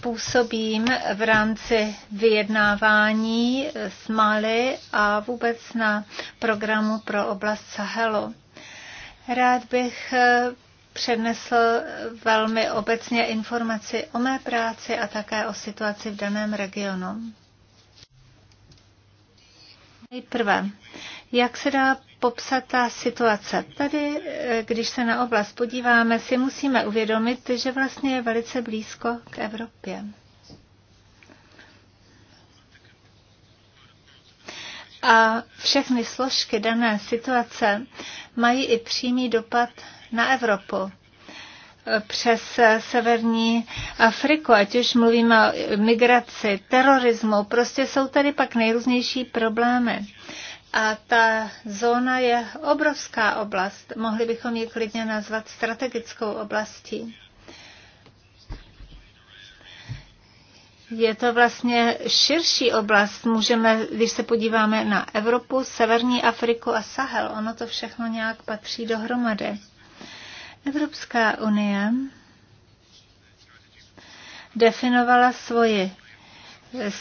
působím v rámci vyjednávání s Mali a vůbec na programu pro oblast Sahelu. Rád bych eh, přednesl velmi obecně informaci o mé práci a také o situaci v daném regionu. Nejprve jak se dá popsat ta situace? Tady, eh, když se na oblast podíváme, si musíme uvědomit, že vlastně je velice blízko k Evropě. A všechny složky dané situace mají i přímý dopad na Evropu přes severní Afriku, ať už mluvíme o migraci, terorismu, prostě jsou tady pak nejrůznější problémy. A ta zóna je obrovská oblast. Mohli bychom ji klidně nazvat strategickou oblastí. Je to vlastně širší oblast. Můžeme, když se podíváme na Evropu, Severní Afriku a Sahel, ono to všechno nějak patří dohromady. Evropská unie definovala svoji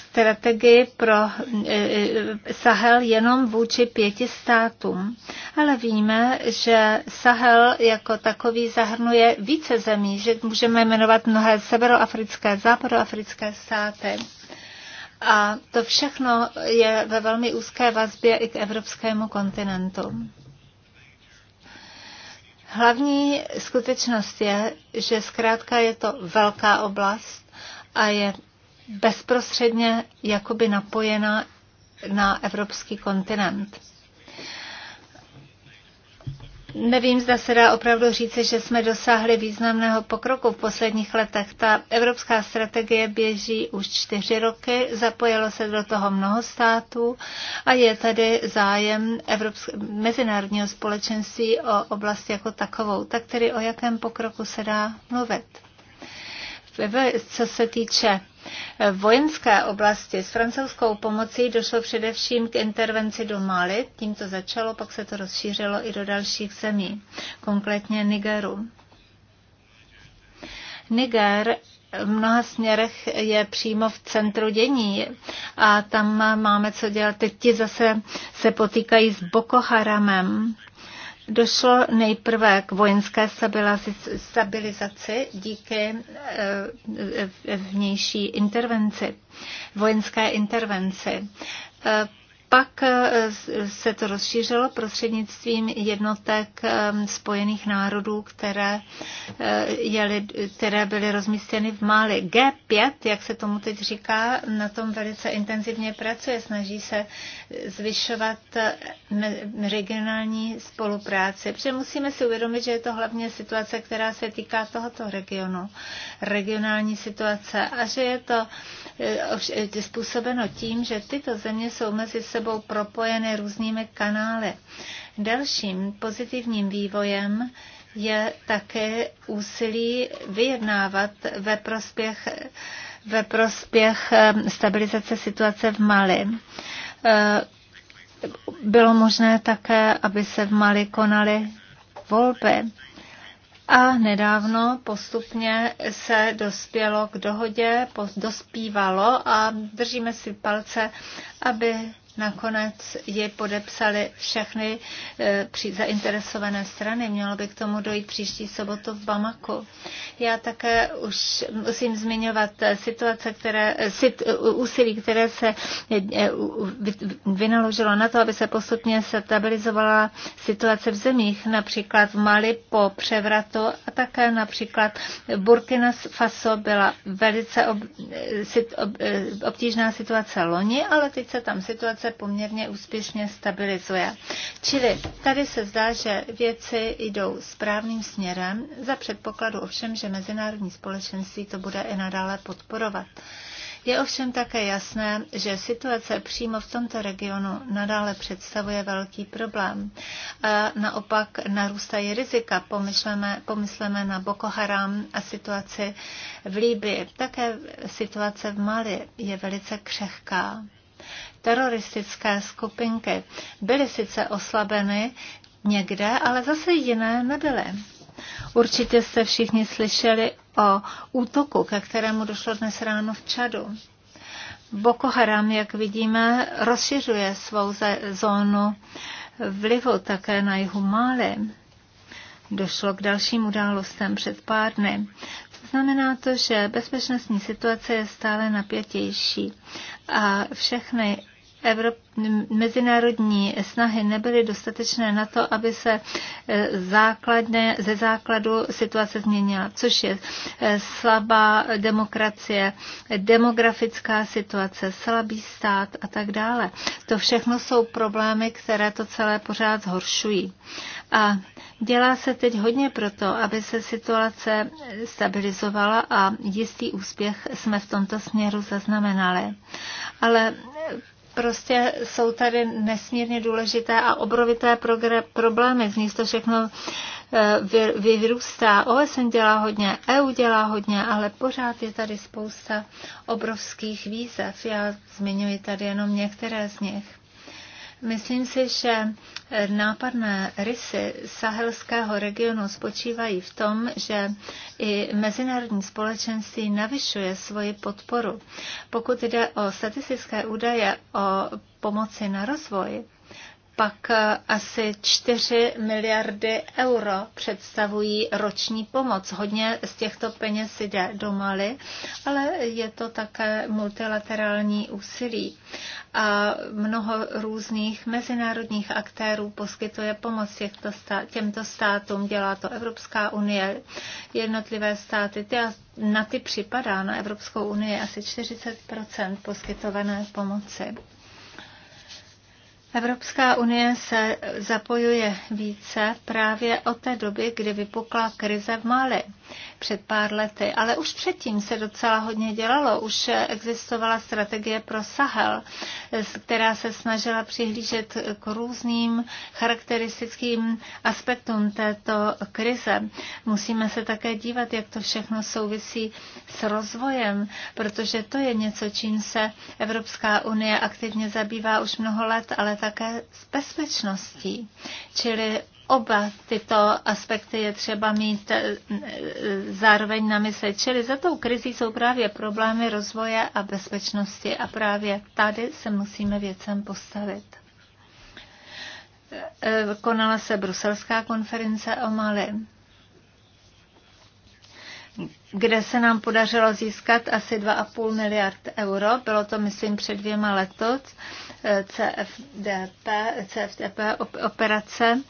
strategii pro e, e, Sahel jenom vůči pěti státům. Ale víme, že Sahel jako takový zahrnuje více zemí, že můžeme jmenovat mnohé severoafrické, západoafrické státy. A to všechno je ve velmi úzké vazbě i k evropskému kontinentu. Hlavní skutečnost je, že zkrátka je to velká oblast a je bezprostředně jakoby napojena na evropský kontinent. Nevím, zda se dá opravdu říci, že jsme dosáhli významného pokroku v posledních letech. Ta evropská strategie běží už čtyři roky, zapojilo se do toho mnoho států a je tady zájem Evropsk- mezinárodního společenství o oblast jako takovou. Tak tedy o jakém pokroku se dá mluvit? Co se týče vojenské oblasti s francouzskou pomocí došlo především k intervenci do Mali, tím to začalo, pak se to rozšířilo i do dalších zemí, konkrétně Nigeru. Niger v mnoha směrech je přímo v centru dění a tam máme co dělat. Teď ti zase se potýkají s Boko Haramem Došlo nejprve k vojenské stabilizaci díky eh, eh, vnější intervenci, vojenské intervenci. Eh, pak se to rozšířilo prostřednictvím jednotek Spojených národů, které, jeli, které byly rozmístěny v Mali. G5, jak se tomu teď říká, na tom velice intenzivně pracuje. Snaží se zvyšovat regionální spolupráci. Protože musíme si uvědomit, že je to hlavně situace, která se týká tohoto regionu, regionální situace a že je to eh, způsobeno tím, že tyto země jsou mezi sebou propojeny různými kanály. Dalším pozitivním vývojem je také úsilí vyjednávat ve prospěch, ve prospěch eh, stabilizace situace v Mali. Eh, bylo možné také, aby se v Mali konaly volby. A nedávno postupně se dospělo k dohodě, dospívalo a držíme si palce, aby Nakonec je podepsali všechny eh, zainteresované strany. Mělo by k tomu dojít příští sobotu v Bamaku. Já také už musím zmiňovat eh, situace, které, eh, sit, úsilí, které se vynaložilo na to, aby se postupně stabilizovala situace v zemích, například v Mali po převratu a také například Burkina Faso byla velice ob, sit, ob, obtížná situace loni, ale teď se tam situace se poměrně úspěšně stabilizuje. Čili tady se zdá, že věci jdou správným směrem, za předpokladu ovšem, že mezinárodní společenství to bude i nadále podporovat. Je ovšem také jasné, že situace přímo v tomto regionu nadále představuje velký problém. A naopak narůstají rizika. Pomysleme, pomysleme na Boko Haram a situaci v Líbii. Také situace v Mali je velice křehká teroristické skupinky byly sice oslabeny někde, ale zase jiné nebyly. Určitě jste všichni slyšeli o útoku, ke kterému došlo dnes ráno v Čadu. Boko Haram, jak vidíme, rozšiřuje svou zónu vlivu také na jihu Máli. Došlo k dalším událostem před pár dny. To znamená to, že bezpečnostní situace je stále napětější a všechny Evrop, mezinárodní snahy nebyly dostatečné na to, aby se eh, základné, ze základu situace změnila, což je eh, slabá demokracie, demografická situace, slabý stát a tak dále. To všechno jsou problémy, které to celé pořád zhoršují. A dělá se teď hodně proto, aby se situace stabilizovala a jistý úspěch jsme v tomto směru zaznamenali. Ale prostě jsou tady nesmírně důležité a obrovité problémy, z nich to všechno eh, vy, vyrůstá. OSN dělá hodně, EU dělá hodně, ale pořád je tady spousta obrovských výzev. Já zmiňuji tady jenom některé z nich. Myslím si, že eh, nápadné rysy sahelského regionu spočívají v tom, že i mezinárodní společenství navyšuje svoji podporu. Pokud jde o statistické údaje o pomoci na rozvoj, pak eh, asi 4 miliardy euro představují roční pomoc. Hodně z těchto peněz jde do Mali, ale je to také multilaterální úsilí. A mnoho různých mezinárodních aktérů poskytuje pomoc těchto těmto státům. Dělá to Evropská unie, jednotlivé státy. Ty, na ty připadá na Evropskou unii asi 40 poskytované pomoci. Evropská unie se zapojuje více právě od té doby, kdy vypukla krize v Mali před pár lety, ale už předtím se docela hodně dělalo. Už existovala strategie pro Sahel, která se snažila přihlížet k různým charakteristickým aspektům této krize. Musíme se také dívat, jak to všechno souvisí s rozvojem, protože to je něco, čím se Evropská unie aktivně zabývá už mnoho let, ale také s bezpečností. Čili oba tyto aspekty je třeba mít eh, eh, zároveň na mysli. Čili za tou krizí jsou právě problémy rozvoje a bezpečnosti a právě tady se musíme věcem postavit. Eh, konala se bruselská konference o Mali kde se nám podařilo získat asi 2,5 miliard euro. Bylo to, myslím, před dvěma lety. CFDP, CFDP operace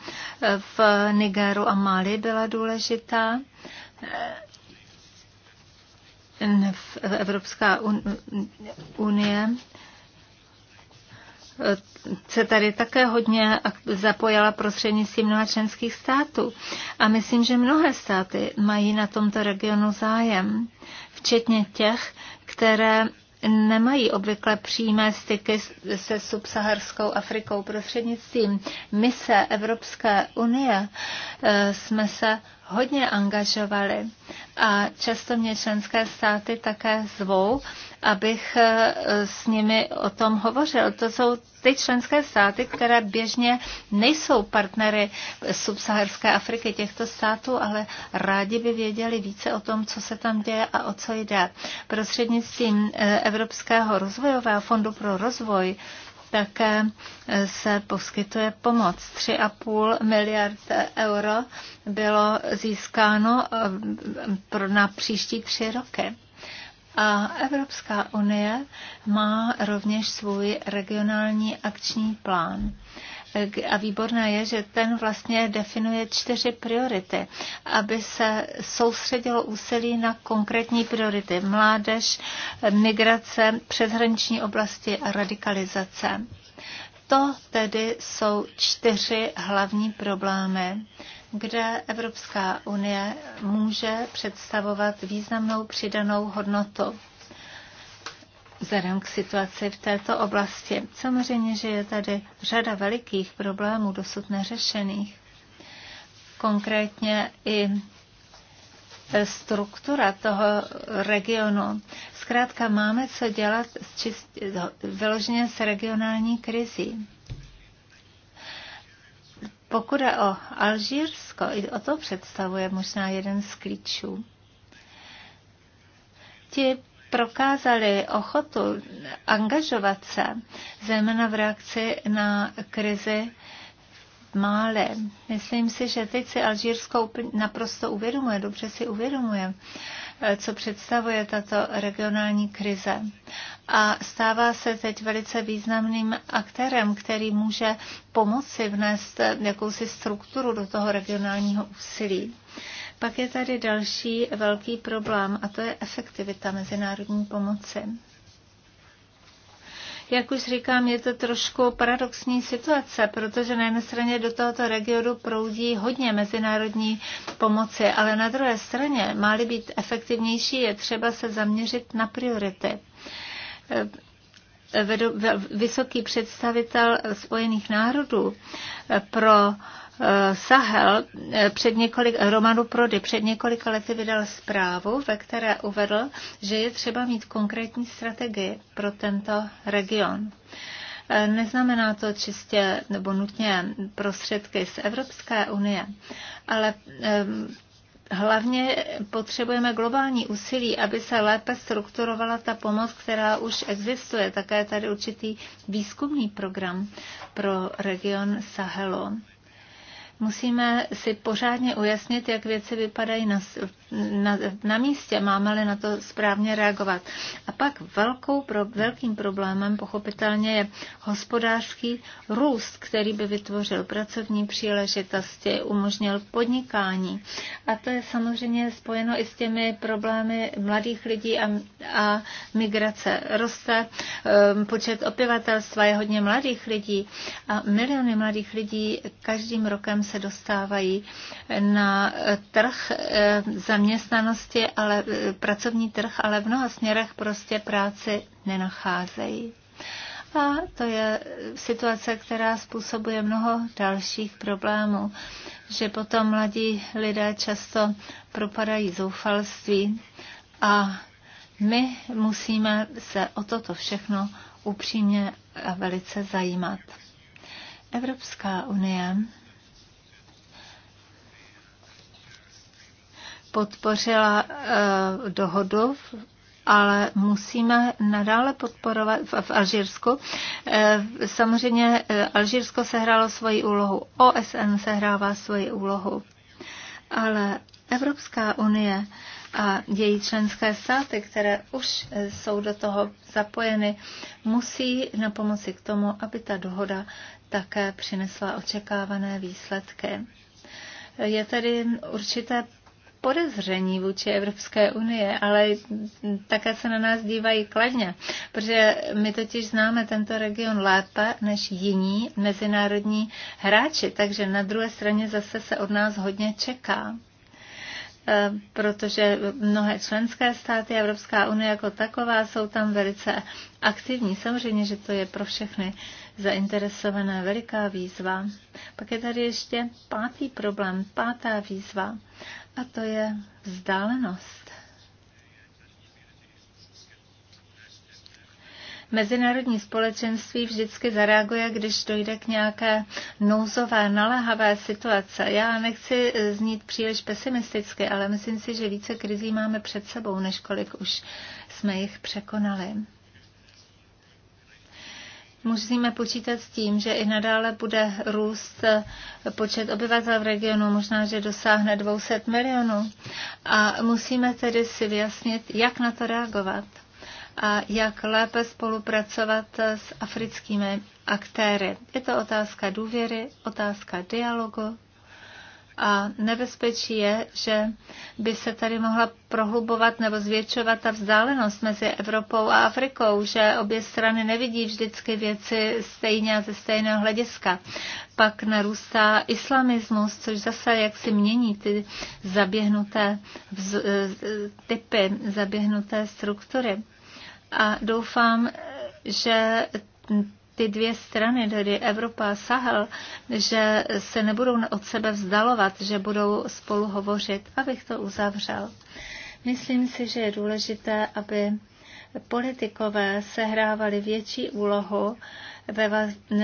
v Nigeru a Mali byla důležitá. Evropská unie se tady také hodně zapojila prostřednictvím mnoha členských států. A myslím, že mnohé státy mají na tomto regionu zájem, včetně těch, které nemají obvykle přímé styky se subsaharskou Afrikou. Prostřednictvím mise Evropské unie e, jsme se hodně angažovali a často mě členské státy také zvou, abych eh, s nimi o tom hovořil. To jsou ty členské státy, které běžně nejsou partnery subsaharské Afriky těchto států, ale rádi by věděli více o tom, co se tam děje a o co jde. Prostřednictvím eh, Evropského rozvojového fondu pro rozvoj také eh, se poskytuje pomoc. 3,5 miliard euro bylo získáno na příští tři roky. A Evropská unie má rovněž svůj regionální akční plán. E, a výborné je, že ten vlastně definuje čtyři priority, aby se soustředilo úsilí na konkrétní priority. Mládež, migrace, přeshraniční oblasti a radikalizace. To tedy jsou čtyři hlavní problémy, kde Evropská unie může představovat významnou přidanou hodnotu vzhledem k situaci v této oblasti. Samozřejmě, že je tady řada velikých problémů dosud neřešených. Konkrétně i struktura toho regionu. Zkrátka máme co dělat s čist, vyloženě s regionální krizí. Pokud je o Alžírsko, i o to představuje možná jeden z klíčů. Ti prokázali ochotu angažovat se, zejména v reakci na krizi Mále. Myslím si, že teď si Alžírsko naprosto uvědomuje, dobře si uvědomuje, co představuje tato regionální krize. A stává se teď velice významným aktérem, který může pomoci vnést jakousi strukturu do toho regionálního úsilí. Pak je tady další velký problém a to je efektivita mezinárodní pomoci. Jak už říkám, je to trošku paradoxní situace, protože na jedné straně do tohoto regionu proudí hodně mezinárodní pomoci, ale na druhé straně, má-li být efektivnější, je třeba se zaměřit na priority eh, vysoký představitel Spojených národů eh, pro Sahel eh, před několik, Romanu Prody před několika lety vydal zprávu, ve které uvedl, že je třeba mít konkrétní strategii pro tento region. Eh, neznamená to čistě nebo nutně prostředky z Evropské unie, ale Hlavně potřebujeme globální úsilí, aby se lépe strukturovala ta pomoc, která už existuje. Také je tady určitý výzkumný program pro region Sahelu. Musíme si pořádně ujasnit, jak věci vypadají na, na, na místě, máme-li na to správně reagovat. A pak velkou, pro, velkým problémem pochopitelně je hospodářský růst, který by vytvořil pracovní příležitosti, umožnil podnikání. A to je samozřejmě spojeno i s těmi problémy mladých lidí a, a migrace. Roste um, počet obyvatelstva, je hodně mladých lidí a miliony mladých lidí každým rokem se dostávají na trh eh, zaměstnanosti, ale eh, pracovní trh, ale v mnoha směrech prostě práci nenacházejí. A to je situace, která způsobuje mnoho dalších problémů, že potom mladí lidé často propadají zoufalství a my musíme se o toto všechno upřímně a velice zajímat. Evropská unie podpořila eh, dohodu ale musíme nadále podporovat v, v Alžírsku. Eh, samozřejmě eh, Alžírsko sehrálo svoji úlohu, OSN sehrává svoji úlohu, ale Evropská unie a její členské státy, které už jsou do toho zapojeny, musí na pomoci k tomu, aby ta dohoda také přinesla očekávané výsledky. Je tedy určité podezření vůči Evropské unie, ale také se na nás dívají kladně, protože my totiž známe tento region lépe než jiní mezinárodní hráči, takže na druhé straně zase se od nás hodně čeká eh, protože mnohé členské státy Evropská unie jako taková jsou tam velice aktivní. Samozřejmě, že to je pro všechny zainteresované veliká výzva. Pak je tady ještě pátý problém, pátá výzva a to je vzdálenost. mezinárodní společenství vždycky zareaguje, když dojde k nějaké nouzové, naléhavé situace. Já nechci eh, znít příliš pesimisticky, ale myslím si, že více krizí máme před sebou, než kolik už jsme jich překonali musíme počítat s tím, že i nadále bude růst počet obyvatel v regionu, možná, že dosáhne 200 milionů. A musíme tedy si vyjasnit, jak na to reagovat a jak lépe spolupracovat s africkými aktéry. Je to otázka důvěry, otázka dialogu, a nebezpečí je, že by se tady mohla prohlubovat nebo zvětšovat ta vzdálenost mezi Evropou a Afrikou, že obě strany nevidí vždycky věci stejně a ze stejného hlediska. Pak narůstá islamismus, což zase jak si mění ty zaběhnuté vz, eh, typy, zaběhnuté struktury. A doufám, že ty dvě strany, tedy Evropa a Sahel, že se nebudou od sebe vzdalovat, že budou spolu hovořit, abych to uzavřel. Myslím si, že je důležité, aby politikové sehrávali větší úlohu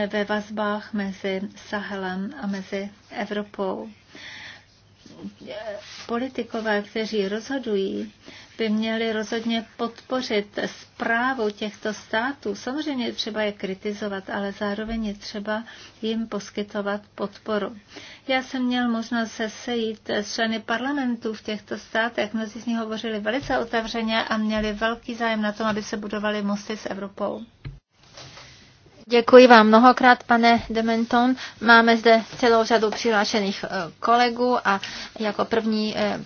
ve, vazbách mezi Sahelem a mezi Evropou. Politikové, kteří rozhodují, by měli rozhodně podpořit zprávu těchto států. Samozřejmě je třeba je kritizovat, ale zároveň je třeba jim poskytovat podporu. Já jsem měl možnost se sejít s členy parlamentů v těchto státech. Mnozí z nich hovořili velice otevřeně a měli velký zájem na tom, aby se budovaly mosty s Evropou. Děkuji vám mnohokrát, pane Dementon. Máme zde celou řadu přihlášených eh, kolegů a jako první eh,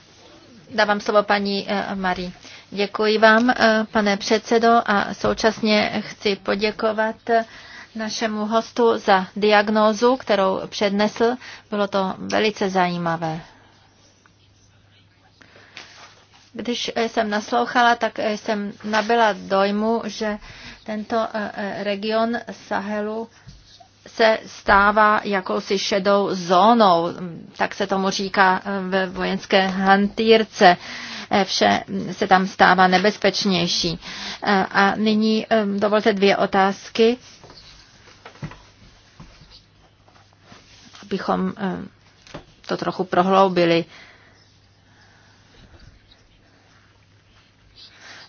Dávám slovo paní eh, Marie. Děkuji vám, eh, pane předsedo, a současně chci poděkovat eh, našemu hostu za diagnózu, kterou přednesl. Bylo to velice zajímavé. Když jsem naslouchala, tak jsem nabyla dojmu, že tento region Sahelu se stává jakousi šedou zónou, tak se tomu říká eh, ve vojenské hantýrce. Eh, vše se tam stává nebezpečnější. Eh, a nyní dovolte dvě otázky, abychom to trochu prohloubili.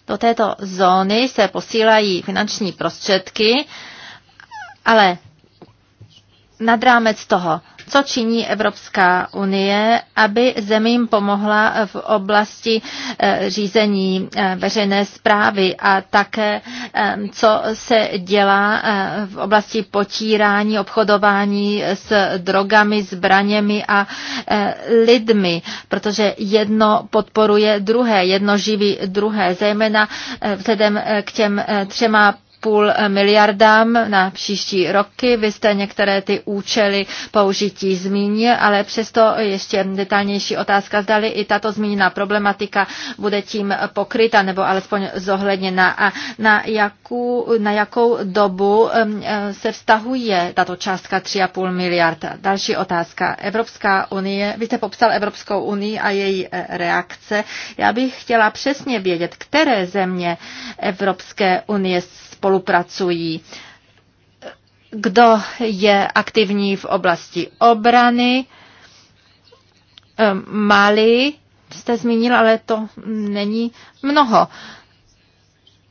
Do této zóny se posílají finanční prostředky, ale nad rámec toho, co činí Evropská unie, aby zemím pomohla v oblasti eh, řízení eh, veřejné zprávy a také, eh, co se dělá v oblasti potírání, obchodování s drogami, zbraněmi a lidmi, protože jedno podporuje druhé, jedno živí druhé, zejména vzhledem k těm třema půl miliardám na příští roky. Vy jste některé ty účely použití zmínil, ale přesto ještě detailnější otázka, zdali i tato zmíněná problematika bude tím pokryta nebo alespoň zohledněna a na, jakou, na jakou dobu eh, se vztahuje tato částka 3,5 miliard. Další otázka. Evropská unie, vy jste popsal Evropskou unii a její eh, reakce. Já bych chtěla přesně vědět, které země Evropské unie spolupracují. Kdo je aktivní v oblasti obrany? Ehm, Mali, jste zmínil, ale to není mnoho.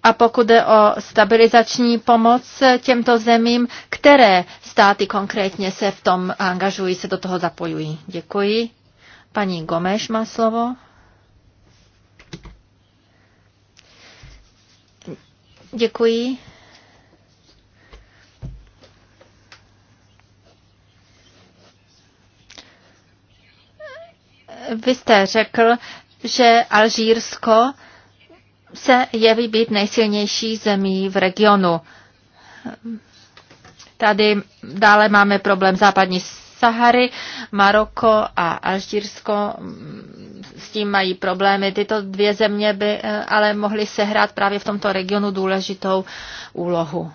A pokud jde o stabilizační pomoc těmto zemím, které státy konkrétně se v tom angažují, se do toho zapojují? Děkuji. Paní Gomeš má slovo. Děkuji. Vy jste řekl, že Alžírsko se jeví být nejsilnější zemí v regionu. Tady dále máme problém západní Sahary, Maroko a Alžírsko tím mají problémy. Tyto dvě země by eh, ale mohly sehrát právě v tomto regionu důležitou úlohu.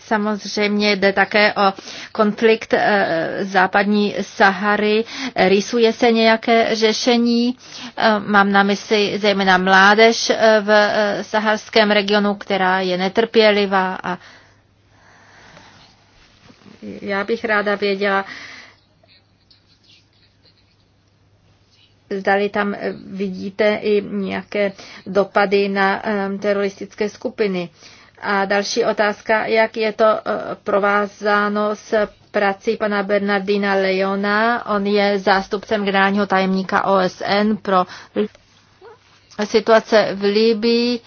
Samozřejmě jde také o konflikt eh, západní Sahary. Rýsuje se nějaké řešení? Eh, mám na mysli zejména mládež v saharském regionu, která je netrpělivá a já bych ráda věděla, zdali tam eh, vidíte i nějaké dopady na eh, teroristické skupiny. A další otázka, jak je to eh, provázáno s prací pana Bernardina Leona. On je zástupcem generálního tajemníka OSN pro situace v Libii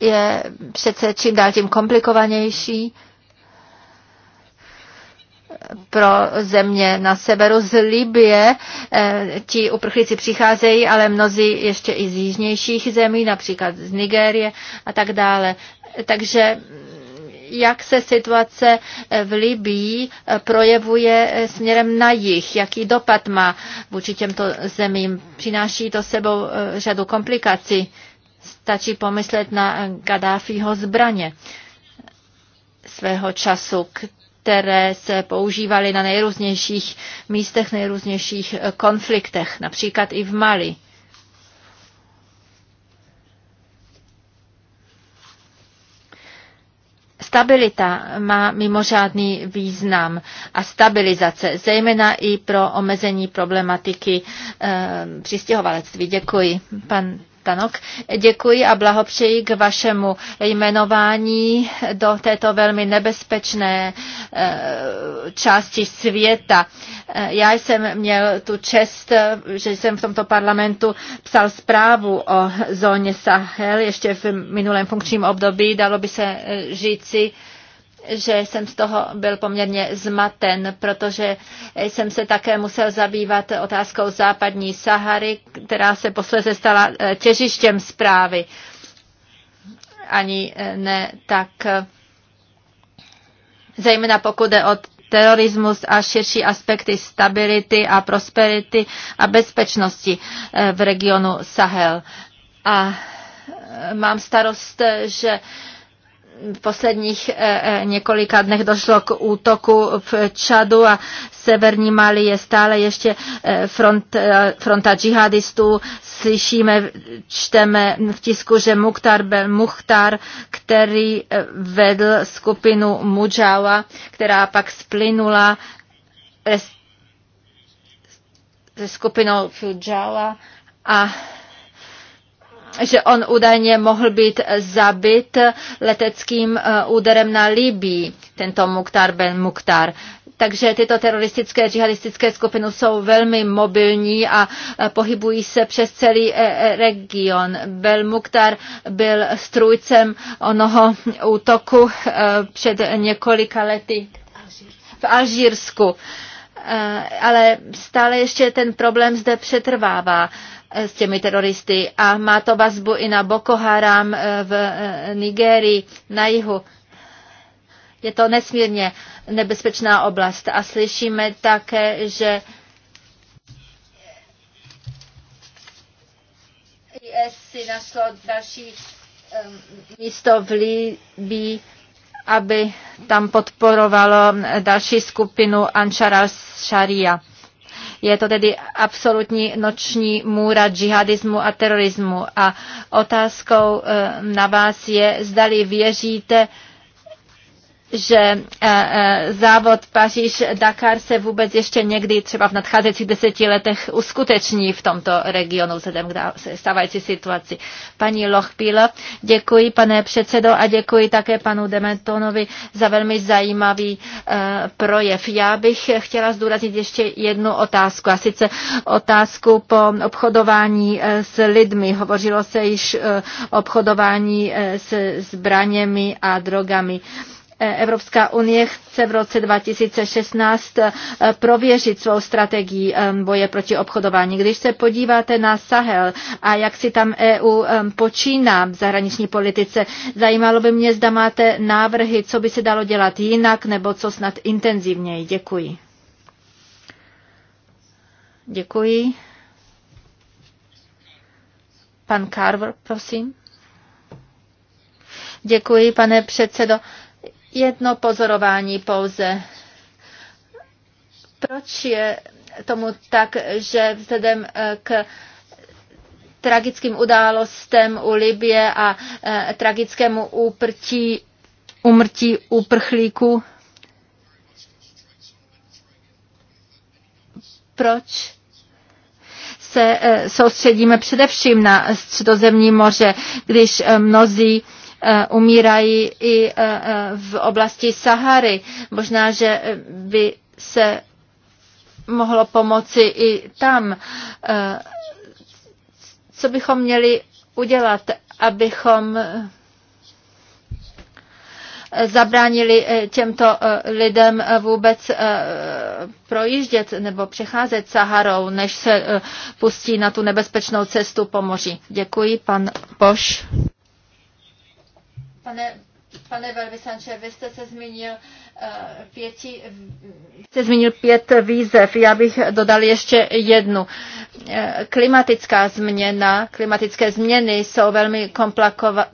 je přece čím dál tím komplikovanější pro země na severu z Libie. Eh, ti uprchlíci přicházejí, ale mnozí ještě i z jižnějších zemí, například z Nigérie a tak dále. Takže mm, jak se situace eh, v Libii eh, projevuje směrem na jich, jaký dopad má vůči těmto zemím. Přináší to sebou řadu komplikací. Stačí pomyslet na Gaddafiho zbraně svého času, které se používaly na nejrůznějších místech, nejrůznějších eh, konfliktech, například i v Mali. Stabilita má mimořádný význam a stabilizace, zejména i pro omezení problematiky e, přistěhovalectví. Děkuji. Pan Stanok. Děkuji a blahopřeji k vašemu jmenování do této velmi nebezpečné eh, části světa. Eh, já jsem měl tu čest, eh, že jsem v tomto parlamentu psal zprávu o zóně Sahel ještě v minulém funkčním období, dalo by se říci, že jsem z toho byl poměrně zmaten, protože jsem se také musel zabývat otázkou západní Sahary, která se posledně stala eh, těžištěm zprávy. Ani eh, ne tak eh, zejména pokud je o terorismus a širší aspekty stability a prosperity a bezpečnosti v regionu Sahel. A mám starost, že v posledních eh, eh, několika dnech došlo k útoku v Čadu a severní Mali je stále ještě eh, front, fronta džihadistů. Slyšíme, čteme v tisku, že Mukhtar Bel Mukhtar, který vedl skupinu Mujawa, která pak splynula se skupinou Fujawa a že on údajně mohl být zabit leteckým eh, úderem na Libii, tento Muktar Ben Muktar. Takže tyto teroristické džihadistické skupiny jsou velmi mobilní a eh, pohybují se přes celý eh, region. Bel Muktar byl strůjcem onoho útoku před několika lety v Alžírsku. Eh, ale stále ještě ten problém zde přetrvává eh, s těmi teroristy a má to vazbu i na Boko Haram eh, v Nigérii na jihu. Je to nesmírně nebezpečná oblast a slyšíme také, že IS si našlo další místo v Libii aby tam podporovalo další skupinu Anšar al-Sharia. Je to tedy absolutní noční můra džihadismu a terorismu. A otázkou eh, na vás je, zdali věříte že e, e, závod Paříž-Dakar se vůbec ještě někdy třeba v nadcházejících deseti letech uskuteční v tomto regionu vzhledem k stávající situaci. Paní Lochpíla, děkuji pane předsedo a děkuji také panu Demetonovi za velmi zajímavý e, projev. Já bych chtěla zdůraznit ještě jednu otázku a sice otázku po obchodování s lidmi. Hovořilo se již o obchodování s zbraněmi a drogami. Evropská unie chce v roce 2016 eh, prověřit svou strategii eh, boje proti obchodování. Když se podíváte na Sahel a jak si tam EU eh, počíná v zahraniční politice, zajímalo by mě, zda máte návrhy, co by se dalo dělat jinak nebo co snad intenzivněji. Děkuji. Děkuji. Pan Carver, prosím. Děkuji, pane předsedo. Jedno pozorování pouze. Proč je tomu tak, že vzhledem eh, k tragickým událostem u Libie a eh, tragickému úprtí, umrtí uprchlíků. Proč se eh, soustředíme především na středozemní moře, když mnozí Eh, umírají i eh, eh, v oblasti Sahary. Možná, že by se mohlo pomoci i tam. Co bychom měli udělat, abychom zabránili těmto lidem vůbec projíždět nebo přecházet Saharou, než se pustí na tu nebezpečnou cestu po moři. Děkuji, pan Poš. Pane, pane velvyslanče, vy jste se zmínil eh, pěti... Jste zmínil pět výzev, já bych dodal ještě jednu. Eh, klimatická změna, klimatické změny jsou velmi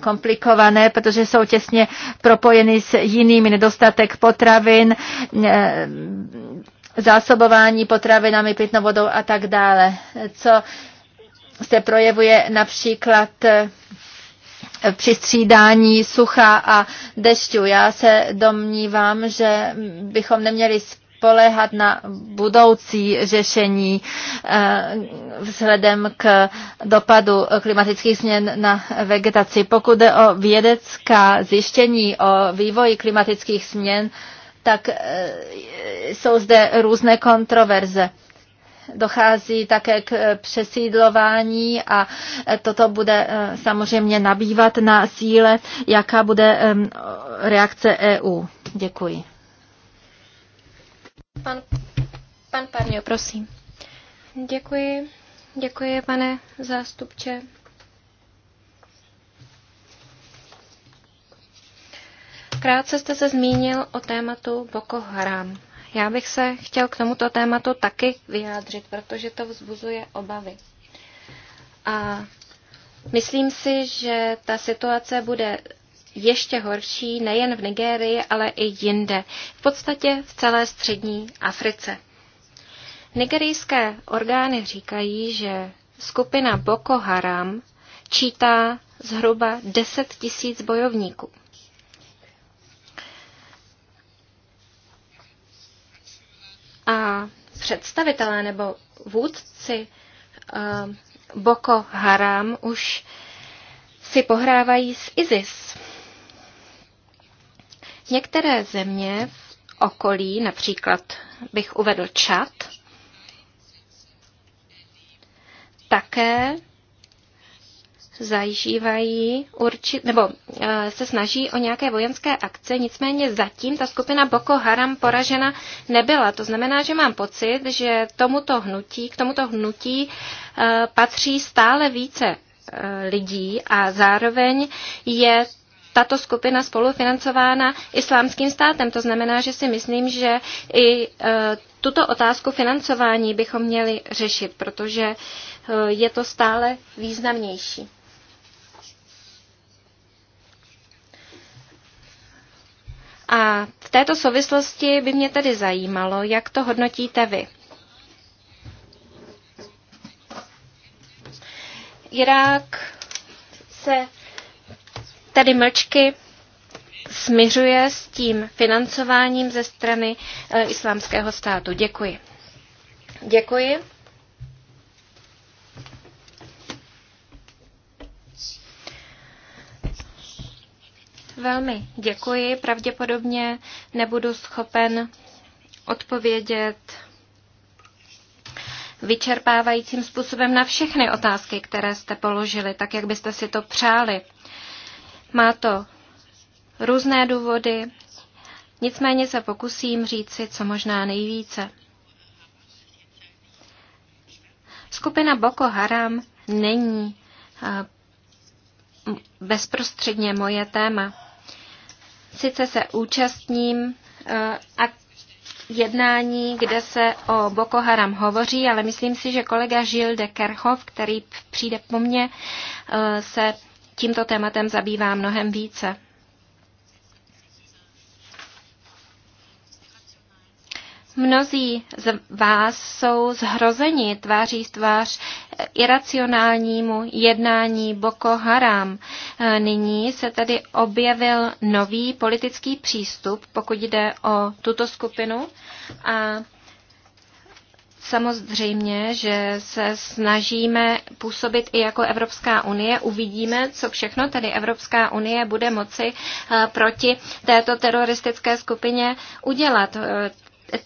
komplikované, protože jsou těsně propojeny s jinými nedostatek potravin, eh, zásobování potravinami, pitnou vodou a tak dále, co se projevuje například při střídání sucha a dešťu. Já se domnívám, že bychom neměli spolehat na budoucí řešení eh, vzhledem k dopadu klimatických změn na vegetaci. Pokud jde o vědecká zjištění o vývoji klimatických změn, tak eh, jsou zde různé kontroverze dochází také k eh, přesídlování a eh, toto bude eh, samozřejmě nabývat na síle, jaká bude reakce EU. Děkuji. Pan, pan Parňo, prosím. Děkuji. Děkuji, pane zástupče. Krátce jste se zmínil o tématu Boko Haram. Já bych se chtěl k tomuto tématu taky vyjádřit, protože to vzbuzuje obavy. A myslím si, že ta situace bude ještě horší nejen v Nigérii, ale i jinde. V podstatě v celé střední Africe. Nigerijské orgány říkají, že skupina Boko Haram čítá zhruba 10 tisíc bojovníků. A představitelé nebo vůdci eh, Boko Haram už si pohrávají s ISIS. Některé země v okolí, například bych uvedl Čad, také zažívají určit, nebo eh, se snaží o nějaké vojenské akce, nicméně zatím ta skupina Boko Haram poražena nebyla. To znamená, že mám pocit, že tomuto hnutí, k tomuto hnutí eh, patří stále více eh, lidí a zároveň je tato skupina spolufinancována islámským státem. To znamená, že si myslím, že i tuto otázku financování bychom měli řešit, protože je to stále významnější. A v této souvislosti by mě tedy zajímalo, jak to hodnotíte vy. Irák se tady mlčky smiřuje s tím financováním ze strany eh, islámského státu. Děkuji. Děkuji. Velmi děkuji. Pravděpodobně nebudu schopen odpovědět vyčerpávajícím způsobem na všechny otázky, které jste položili, tak jak byste si to přáli. Má to různé důvody, nicméně se pokusím říci, co možná nejvíce. Skupina Boko Haram není eh, bezprostředně moje téma. Sice se účastním eh, a jednání, kde se o Boko Haram hovoří, ale myslím si, že kolega Žil de Kerchov, který přijde po mně, eh, se tímto tématem zabývá mnohem více. Mnozí z vás jsou zhrozeni tváří tvář iracionálnímu jednání Boko Haram. E, nyní se tady objevil nový politický přístup, pokud jde o tuto skupinu a Samozřejmě, že se snažíme působit i jako Evropská unie. Uvidíme, co všechno tady Evropská unie bude moci e, proti této teroristické skupině udělat. E,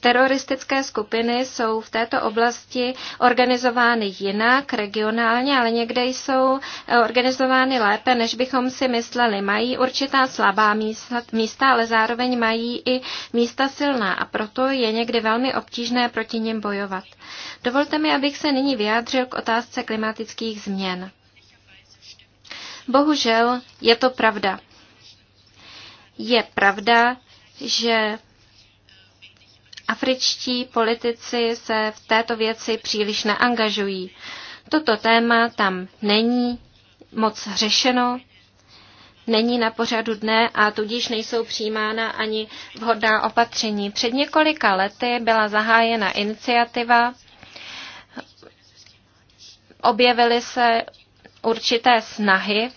teroristické skupiny jsou v této oblasti organizovány jinak, regionálně, ale někde jsou eh, organizovány lépe, než bychom si mysleli. Mají určitá slabá místa, ale zároveň mají i místa silná a proto je někdy velmi obtížné proti nim bojovat. Dovolte mi, abych se nyní vyjádřil k otázce klimatických změn. Bohužel je to pravda. Je pravda, že afričtí politici se v této věci příliš neangažují. Toto téma tam není moc řešeno, není na pořadu dne a tudíž nejsou přijímána ani vhodná opatření. Před několika lety byla zahájena iniciativa, objevily se určité snahy,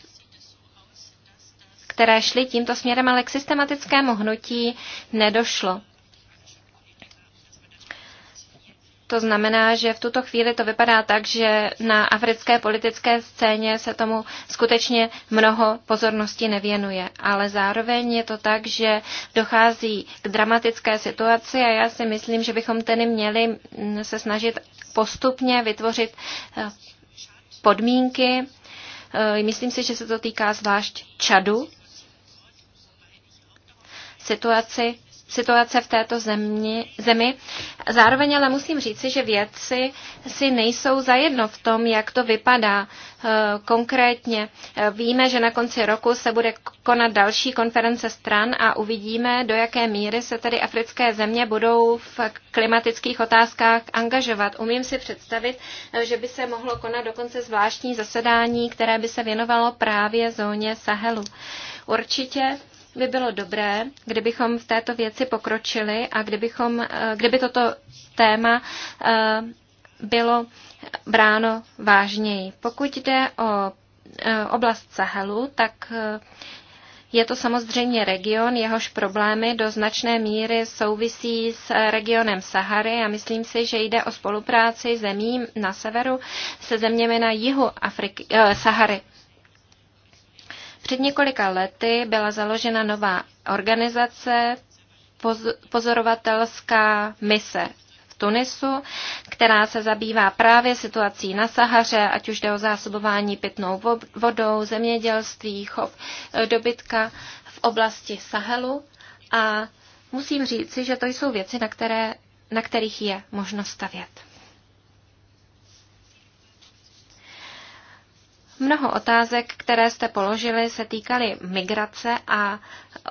které šly tímto směrem, ale k systematickému hnutí nedošlo. To znamená, že v tuto chvíli to vypadá tak, že na africké politické scéně se tomu skutečně mnoho pozornosti nevěnuje. Ale zároveň je to tak, že dochází k dramatické situaci a já si myslím, že bychom tedy měli mm, se snažit postupně vytvořit eh, podmínky. Eh, myslím si, že se to týká zvlášť Čadu, situaci situace v této zemi, zemi. Zároveň ale musím říci, že vědci si nejsou zajedno v tom, jak to vypadá eh, konkrétně. Eh, víme, že na konci roku se bude konat další konference stran a uvidíme, do jaké míry se tedy africké země budou v klimatických otázkách angažovat. Umím si představit, eh, že by se mohlo konat dokonce zvláštní zasedání, které by se věnovalo právě zóně Sahelu. Určitě by bylo dobré, kdybychom v této věci pokročili a kdybychom, eh, kdyby toto téma eh, bylo bráno vážněji. Pokud jde o eh, oblast Sahelu, tak je to samozřejmě region, jehož problémy do značné míry souvisí s regionem Sahary a myslím si, že jde o spolupráci zemí na severu se zeměmi na jihu Afriky, eh, Sahary. Před několika lety byla založena nová organizace, pozorovatelská mise v Tunisu, která se zabývá právě situací na Sahaře, ať už jde o zásobování pitnou vodou, zemědělství, chov e, dobytka v oblasti Sahelu. A musím říci, že to jsou věci, na, které, na kterých je možno stavět. Mnoho otázek, které jste položili, se týkaly migrace a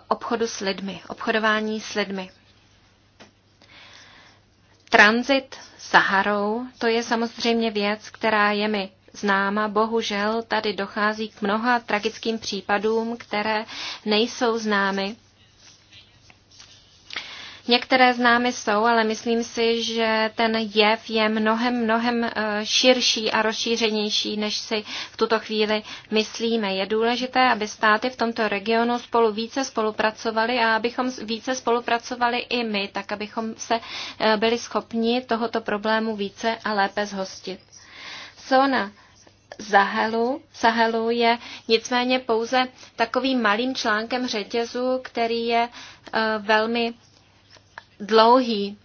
obchodu s lidmi, obchodování s lidmi. Transit Saharou, to je samozřejmě věc, která je mi známa. Bohužel tady dochází k mnoha tragickým případům, které nejsou známy Některé známy jsou, ale myslím si, že ten jev je mnohem, mnohem eh, širší a rozšířenější, než si v tuto chvíli myslíme. Je důležité, aby státy v tomto regionu spolu více spolupracovaly a abychom více spolupracovali i my, tak abychom se eh, byli schopni tohoto problému více a lépe zhostit. Sona, Sahelu, Sahelu je nicméně pouze takovým malým článkem řetězu, který je eh, velmi dlouhý.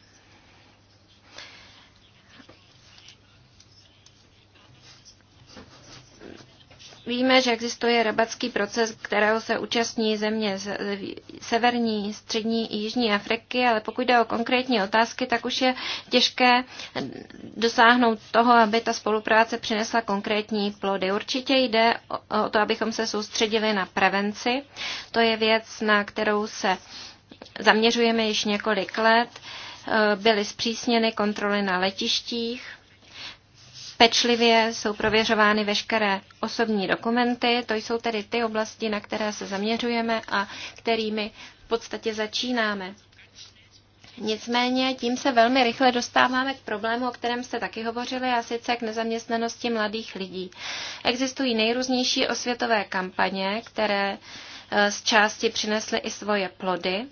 Víme, že existuje rabatský proces, kterého se účastní země z severní, střední i jižní Afriky, ale pokud jde o konkrétní otázky, tak už je těžké dosáhnout toho, aby ta spolupráce přinesla konkrétní plody. Určitě jde o to, abychom se soustředili na prevenci. To je věc, na kterou se zaměřujeme již několik let. Eh, Byly zpřísněny kontroly na letištích. Pečlivě jsou prověřovány veškeré osobní dokumenty. To jsou tedy ty oblasti, na které se zaměřujeme a kterými v podstatě začínáme. Nicméně tím se velmi rychle dostáváme k problému, o kterém jste taky hovořili, a sice k nezaměstnanosti mladých lidí. Existují nejrůznější osvětové kampaně, které eh, z části přinesly i svoje plody.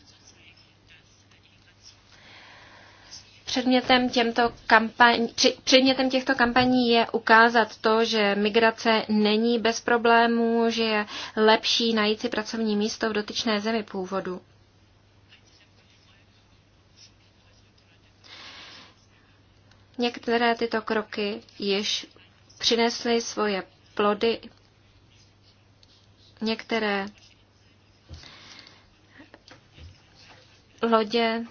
Předmětem, těmto kampaň, předmětem těchto kampaní je ukázat to, že migrace není bez problémů, že je lepší najít si pracovní místo v dotyčné zemi původu. Některé tyto kroky již přinesly svoje plody, některé lodě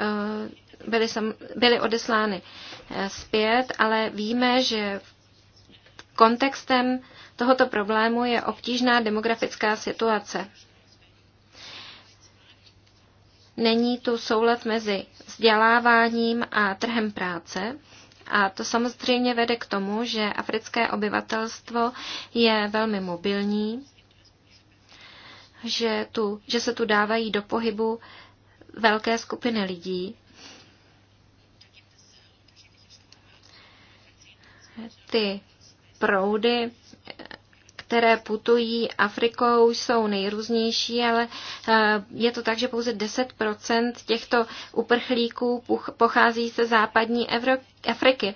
eh, byly, sam, byly odeslány eh, zpět, ale víme, že kontextem tohoto problému je obtížná demografická situace. Není tu soulad mezi vzděláváním a trhem práce. A to samozřejmě vede k tomu, že africké obyvatelstvo je velmi mobilní, že, tu, že se tu dávají do pohybu velké skupiny lidí. ty proudy, které putují Afrikou, jsou nejrůznější, ale eh, je to tak, že pouze 10 těchto uprchlíků pochází ze západní Afriky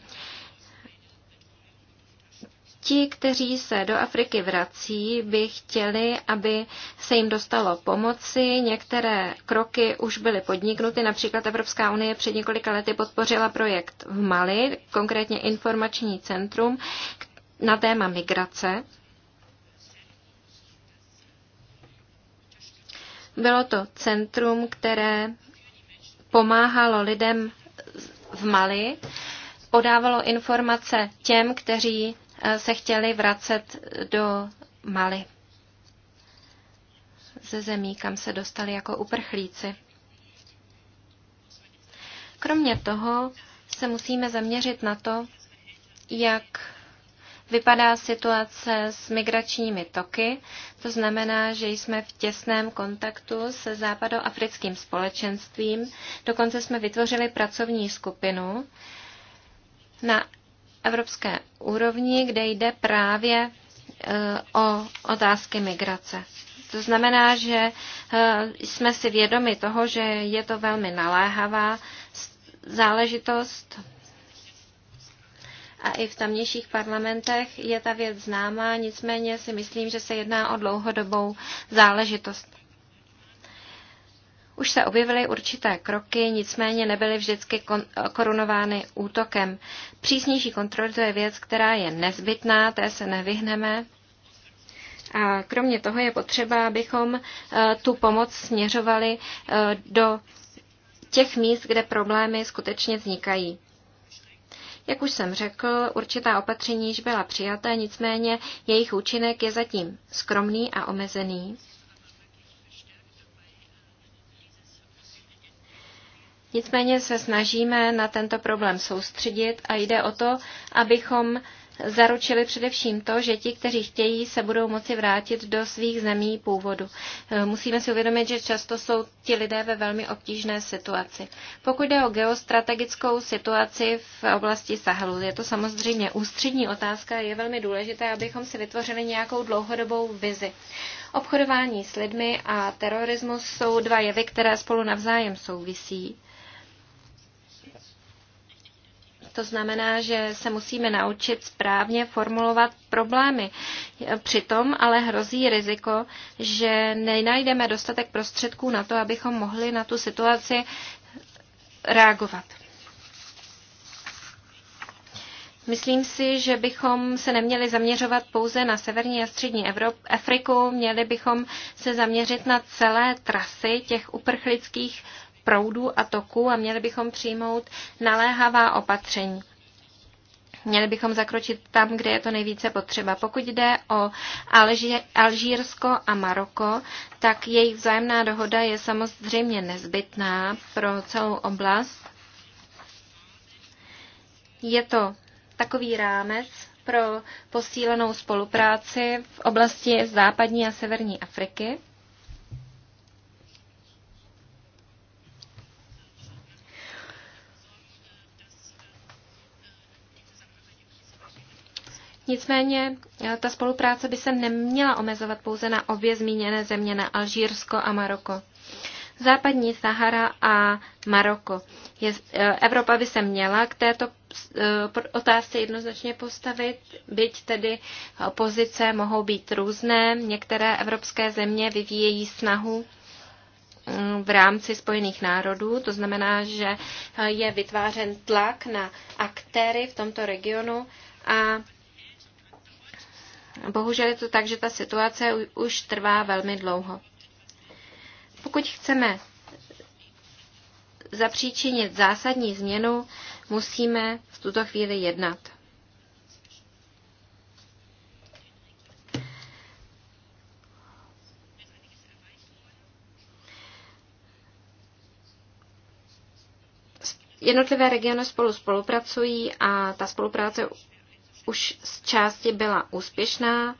ti, kteří se do Afriky vrací, by chtěli, aby se jim dostalo pomoci. Některé kroky už byly podniknuty. Například Evropská unie před několika lety podpořila projekt v Mali, konkrétně informační centrum na téma migrace. Bylo to centrum, které pomáhalo lidem v Mali, podávalo informace těm, kteří se chtěli vracet do Mali ze zemí, kam se dostali jako uprchlíci. Kromě toho se musíme zaměřit na to, jak vypadá situace s migračními toky. To znamená, že jsme v těsném kontaktu se západoafrickým společenstvím. Dokonce jsme vytvořili pracovní skupinu na evropské úrovni, kde jde právě e, o otázky migrace. To znamená, že e, jsme si vědomi toho, že je to velmi naléhavá záležitost a i v tamnějších parlamentech je ta věc známá, nicméně si myslím, že se jedná o dlouhodobou záležitost. Už se objevily určité kroky, nicméně nebyly vždycky korunovány útokem. Přísnější kontroly to je věc, která je nezbytná, té se nevyhneme. A kromě toho je potřeba, abychom e, tu pomoc směřovali e, do těch míst, kde problémy skutečně vznikají. Jak už jsem řekl, určitá opatření již byla přijata, nicméně jejich účinek je zatím skromný a omezený. Nicméně se snažíme na tento problém soustředit a jde o to, abychom zaručili především to, že ti, kteří chtějí, se budou moci vrátit do svých zemí původu. Eh, musíme si uvědomit, že často jsou ti lidé ve velmi obtížné situaci. Pokud jde o geostrategickou situaci v oblasti Sahelu, je to samozřejmě ústřední otázka, je velmi důležité, abychom si vytvořili nějakou dlouhodobou vizi. Obchodování s lidmi a terorismus jsou dva jevy, které spolu navzájem souvisí. To znamená, že se musíme naučit správně formulovat problémy. Přitom ale hrozí riziko, že nenajdeme dostatek prostředků na to, abychom mohli na tu situaci reagovat. Myslím si, že bychom se neměli zaměřovat pouze na severní a střední Evropu, Afriku, měli bychom se zaměřit na celé trasy těch uprchlických proudů a toků a měli bychom přijmout naléhavá opatření. Měli bychom zakročit tam, kde je to nejvíce potřeba. Pokud jde o Alžírsko a Maroko, tak jejich vzájemná dohoda je samozřejmě nezbytná pro celou oblast. Je to takový rámec pro posílenou spolupráci v oblasti západní a severní Afriky. Nicméně eh, ta spolupráce by se neměla omezovat pouze na obě zmíněné země, na Alžírsko a Maroko. Západní Sahara a Maroko. Je, eh, Evropa by se měla k této eh, otázce jednoznačně postavit, byť tedy pozice mohou být různé. Některé evropské země vyvíjejí snahu mm, v rámci Spojených národů, to znamená, že je vytvářen tlak na aktéry v tomto regionu a Bohužel je to tak, že ta situace už trvá velmi dlouho. Pokud chceme zapříčinit zásadní změnu, musíme v tuto chvíli jednat. Jednotlivé regiony spolu spolupracují a ta spolupráce už z části byla úspěšná.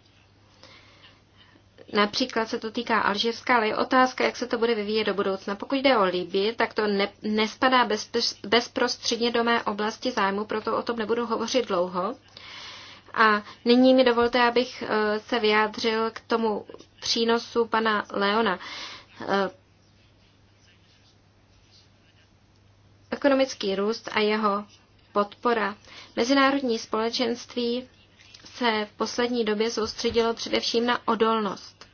Například se to týká Alžírska, ale je otázka, jak se to bude vyvíjet do budoucna. Pokud jde o Libii, tak to ne, nespadá bez, bezprostředně do mé oblasti zájmu, proto o tom nebudu hovořit dlouho. A nyní mi dovolte, abych eh, se vyjádřil k tomu přínosu pana Leona. Eh, ekonomický růst a jeho podpora. Mezinárodní společenství se v poslední době soustředilo především na odolnost.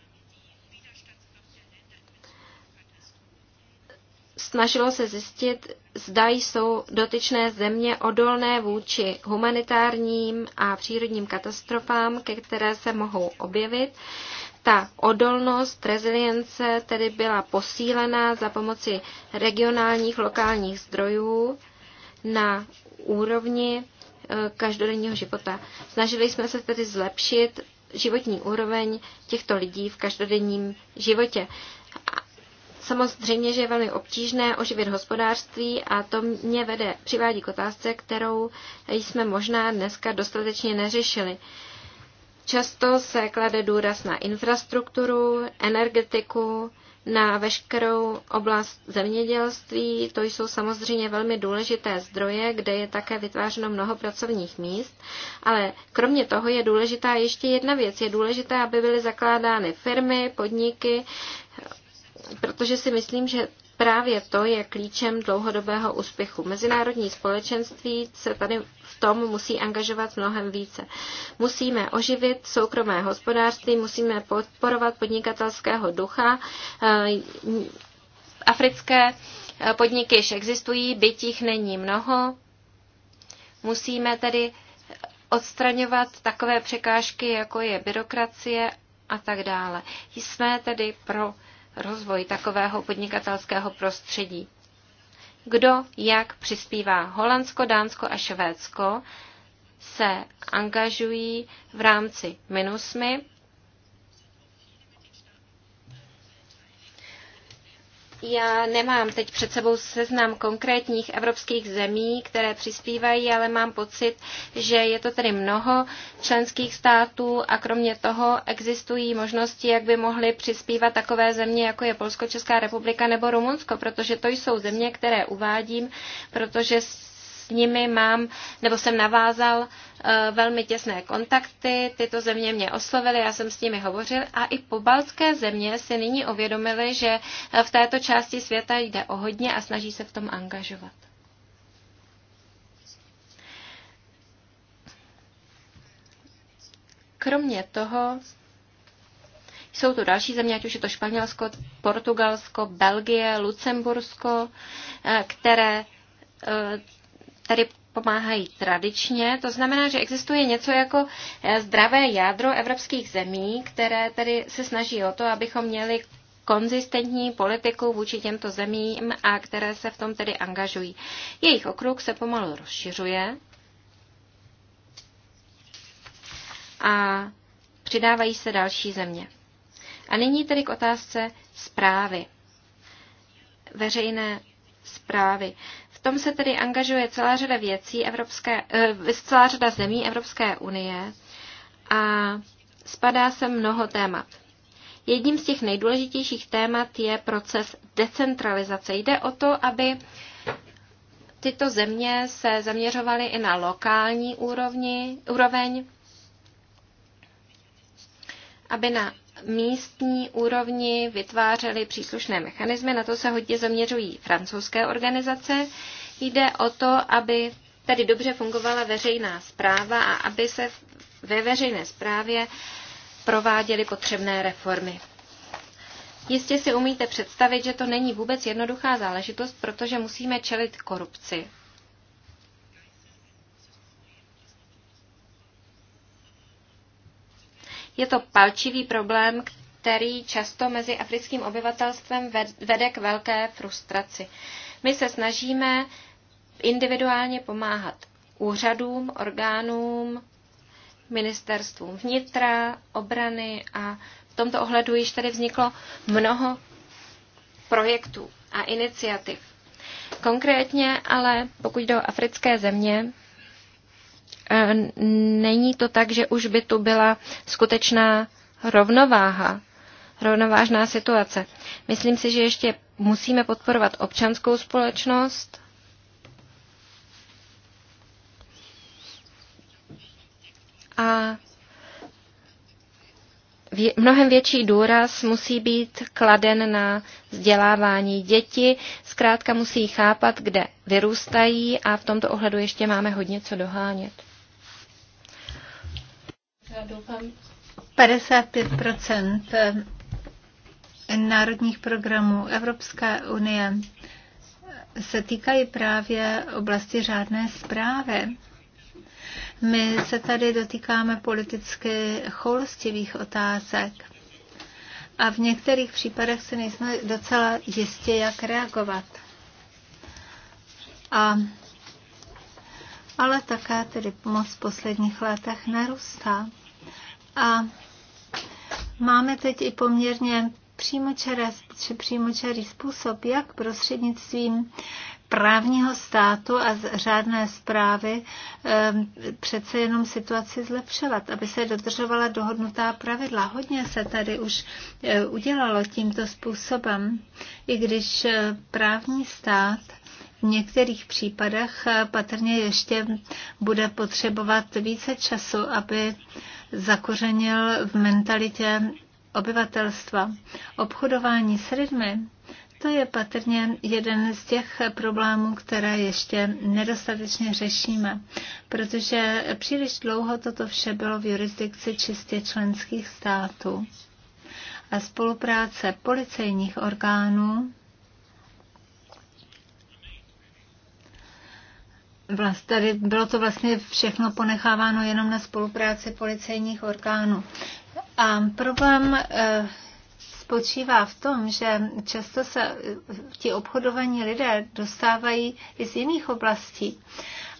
Snažilo se zjistit, zda jsou dotyčné země odolné vůči humanitárním a přírodním katastrofám, ke které se mohou objevit. Ta odolnost, rezilience tedy byla posílena za pomoci regionálních lokálních zdrojů na úrovni eh, každodenního života. Snažili jsme se tedy zlepšit životní úroveň těchto lidí v každodenním životě. Samozřejmě, že je velmi obtížné oživit hospodářství a to mě vede, přivádí k otázce, kterou jsme možná dneska dostatečně neřešili. Často se klade důraz na infrastrukturu, energetiku, na veškerou oblast zemědělství. To jsou samozřejmě velmi důležité zdroje, kde je také vytvářeno mnoho pracovních míst. Ale kromě toho je důležitá ještě jedna věc. Je důležité, aby byly zakládány firmy, podniky, protože si myslím, že právě to je klíčem dlouhodobého úspěchu. Mezinárodní společenství se tady v tom musí angažovat mnohem více. Musíme oživit soukromé hospodářství, musíme podporovat podnikatelského ducha. Eh, africké eh, podniky již existují, byť jich není mnoho. Musíme tedy odstraňovat takové překážky, jako je byrokracie a tak dále. Jsme tedy pro rozvoj takového podnikatelského prostředí. Kdo jak přispívá? Holandsko, Dánsko a Švédsko se angažují v rámci MINUSMY Já nemám teď před sebou seznam konkrétních evropských zemí, které přispívají, ale mám pocit, že je to tedy mnoho členských států a kromě toho existují možnosti, jak by mohly přispívat takové země, jako je Polsko, Česká republika nebo Rumunsko, protože to jsou země, které uvádím, protože s nimi mám, nebo jsem navázal eh, velmi těsné kontakty, tyto země mě oslovily, já jsem s nimi hovořil a i pobaltské země si nyní uvědomily, že eh, v této části světa jde o hodně a snaží se v tom angažovat. Kromě toho jsou tu další země, ať už je to Španělsko, Portugalsko, Belgie, Lucembursko, eh, které tady pomáhají tradičně. To znamená, že existuje něco jako eh, zdravé jádro evropských zemí, které tedy se snaží o to, abychom měli konzistentní politiku vůči těmto zemím a které se v tom tedy angažují. Jejich okruh se pomalu rozšiřuje a přidávají se další země. A nyní tedy k otázce zprávy. Veřejné zprávy tom se tedy angažuje celá řada věcí Evropské, eh, celá řada zemí Evropské unie a spadá se mnoho témat. Jedním z těch nejdůležitějších témat je proces decentralizace. Jde o to, aby tyto země se zaměřovaly i na lokální úrovni, úroveň, aby na místní úrovni vytvářely příslušné mechanismy. Na to se hodně zaměřují francouzské organizace. Jde o to, aby tady dobře fungovala veřejná zpráva a aby se ve veřejné správě prováděly potřebné reformy. Jistě si umíte představit, že to není vůbec jednoduchá záležitost, protože musíme čelit korupci. Je to palčivý problém, který často mezi africkým obyvatelstvem vede k velké frustraci. My se snažíme individuálně pomáhat úřadům, orgánům, ministerstvům vnitra, obrany a v tomto ohledu již tady vzniklo mnoho projektů a iniciativ. Konkrétně ale, pokud jde o africké země, e, není to tak, že už by tu byla skutečná rovnováha, rovnovážná situace. Myslím si, že ještě musíme podporovat občanskou společnost, a vě, mnohem větší důraz musí být kladen na vzdělávání. Děti zkrátka musí chápat, kde vyrůstají a v tomto ohledu ještě máme hodně co dohánět. Já doufám. 55 eh, národních programů Evropské unie se týkají právě oblasti řádné zprávy. My se tady dotýkáme politicky choulostivých otázek a v některých případech si nejsme docela jistě, jak reagovat. A, ale také tedy moc v posledních letech narůstá. A máme teď i poměrně přímočaré, či přímočarý způsob, jak prostřednictvím právního státu a řádné zprávy přece jenom situaci zlepšovat, aby se dodržovala dohodnutá pravidla. Hodně se tady už e, udělalo tímto způsobem, i když e, právní stát v některých případech e, patrně ještě bude potřebovat více času, aby zakořenil v mentalitě obyvatelstva. Obchodování s lidmi to je patrně jeden z těch problémů, které ještě nedostatečně řešíme, protože příliš dlouho toto vše bylo v jurisdikci čistě členských států. A spolupráce policejních orgánů Vlast, tady bylo to vlastně všechno ponecháváno jenom na spolupráci policejních orgánů. A problém eh, spočívá v tom, že často se eh, ti obchodovaní lidé dostávají i z jiných oblastí.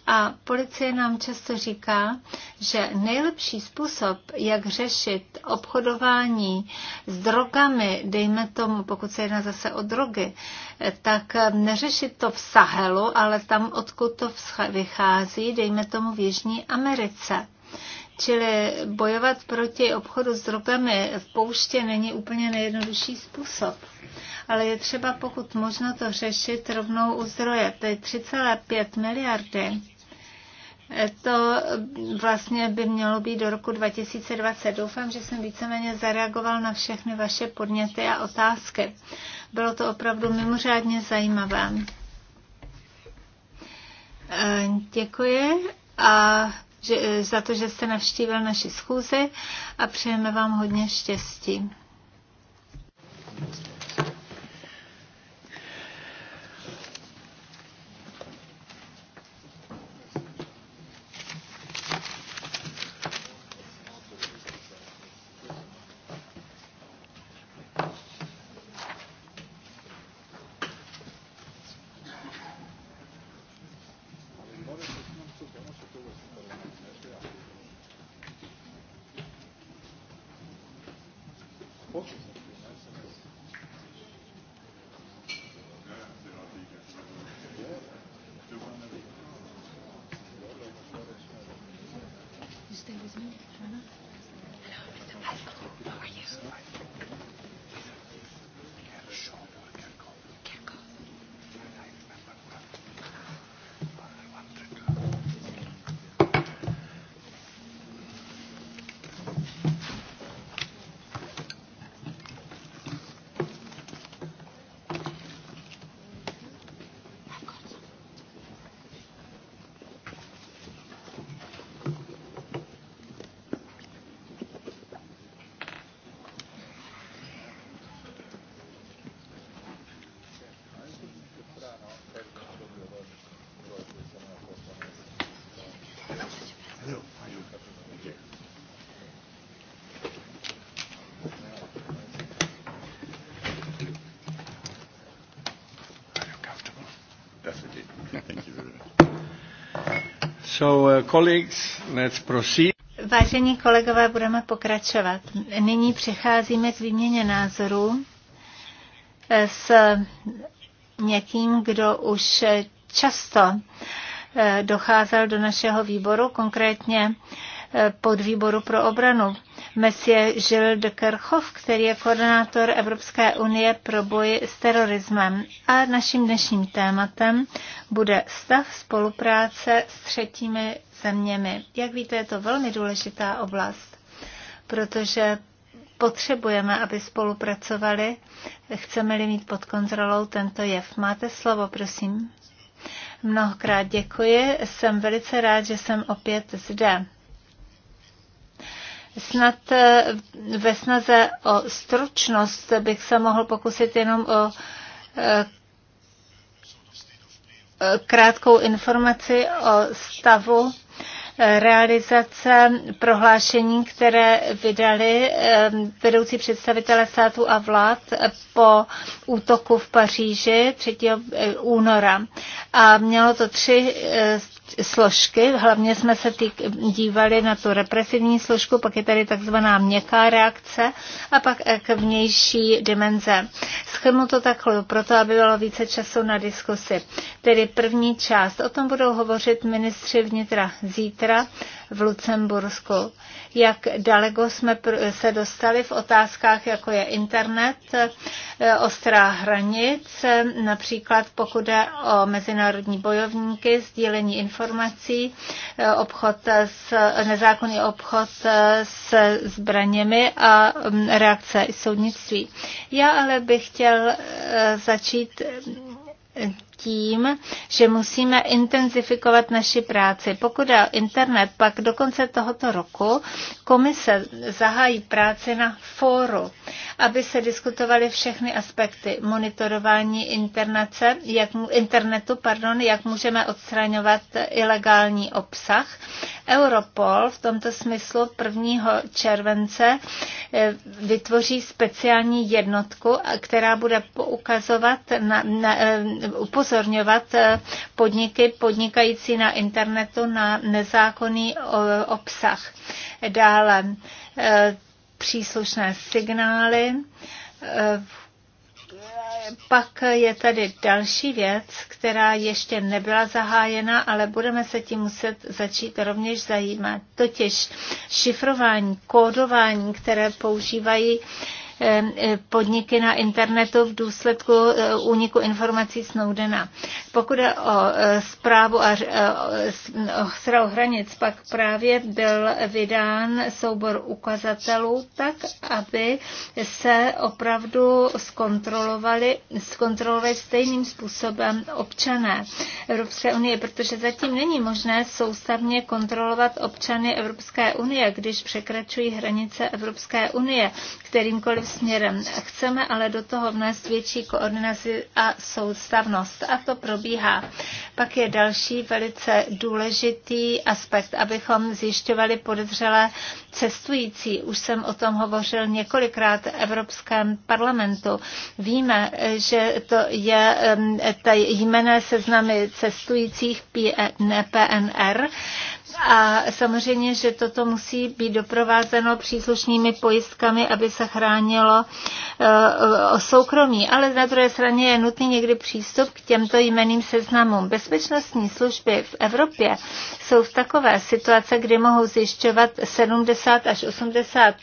A policie nám často říká, že nejlepší způsob, jak řešit obchodování s drogami, dejme tomu, pokud se jedná zase o drogy, eh, tak eh, neřešit to v Sahelu, ale tam, odkud to vychází, dejme tomu v Jižní Americe. Čili bojovat proti obchodu s drogami v pouště není úplně nejjednodušší způsob. Ale je třeba pokud možno to řešit rovnou u zdroje. To je 3,5 miliardy. To vlastně by mělo být do roku 2020. Doufám, že jsem víceméně zareagoval na všechny vaše podněty a otázky. Bylo to opravdu mimořádně zajímavé. Děkuji a že, eh, za to, že jste navštívil naši schůzi a přejeme vám hodně štěstí. colleagues, let's proceed. Vážení kolegové, budeme pokračovat. Nyní přecházíme k výměně názorů s někým, kdo už často eh, docházel do našeho výboru, konkrétně eh, pod výboru pro obranu. Messie Žil de Kerchov, který je koordinátor Evropské unie pro boj s terorismem. A naším dnešním tématem bude stav spolupráce s třetími zeměmi. Jak víte, je to velmi důležitá oblast, protože potřebujeme, aby spolupracovali, chceme-li mít pod kontrolou tento jev. Máte slovo, prosím. Mnohokrát děkuji, jsem velice rád, že jsem opět zde. Snad eh, ve snaze o stručnost bych se mohl pokusit jenom o eh, eh, krátkou informaci o stavu realizace prohlášení, které vydali eh, vedoucí představitelé států a vlád po útoku v Paříži 3. Eh, února. A mělo to tři eh, složky. Hlavně jsme se týk, dívali na tu represivní složku, pak je tady takzvaná měkká reakce a pak eh, k vnější dimenze. Schrnu to takhle, proto aby bylo více času na diskusi. Tedy první část. O tom budou hovořit ministři vnitra zítra v Lucembursku. Jak daleko jsme se dostali v otázkách, jako je internet, eh, ostrá hranic, například pokud jde o mezinárodní bojovníky, sdílení informací, informací, obchod s, nezákonný obchod s zbraněmi a mm, reakce soudnictví. Já ale bych chtěl eh, začít eh, tím, že musíme intenzifikovat naši práci. Pokud je internet, pak do konce tohoto roku komise zahájí práci na fóru, aby se diskutovaly všechny aspekty monitorování internace, jak, internetu, pardon, jak můžeme odstraňovat ilegální obsah. Europol v tomto smyslu 1. července eh, vytvoří speciální jednotku, která bude poukazovat na, na, eh, upozorňovat eh, podniky podnikající na internetu na nezákonný eh, obsah. Dále eh, příslušné signály. Pak je tady další věc, která ještě nebyla zahájena, ale budeme se tím muset začít rovněž zajímat. Totiž šifrování, kódování, které používají podniky na internetu v důsledku eh, úniku informací Snowdena. Pokud je o eh, zprávu a eh, o hranic, pak právě byl vydán soubor ukazatelů tak, aby se opravdu zkontrolovali, zkontrolovali stejným způsobem občané Evropské unie, protože zatím není možné soustavně kontrolovat občany Evropské unie, když překračují hranice Evropské unie kterýmkoliv směrem. Chceme ale do toho vnést větší koordinaci a soustavnost a to probíhá. Pak je další velice důležitý aspekt, abychom zjišťovali podezřelé cestující. Už jsem o tom hovořil několikrát v Evropském parlamentu. Víme, že to je ta jmené seznamy cestujících PNR, a samozřejmě, že toto musí být doprovázeno příslušnými pojistkami, aby se chránilo eh, soukromí. Ale na druhé straně je nutný někdy přístup k těmto jmeným seznamům. Bezpečnostní služby v Evropě jsou v takové situace, kdy mohou zjišťovat 70 až 80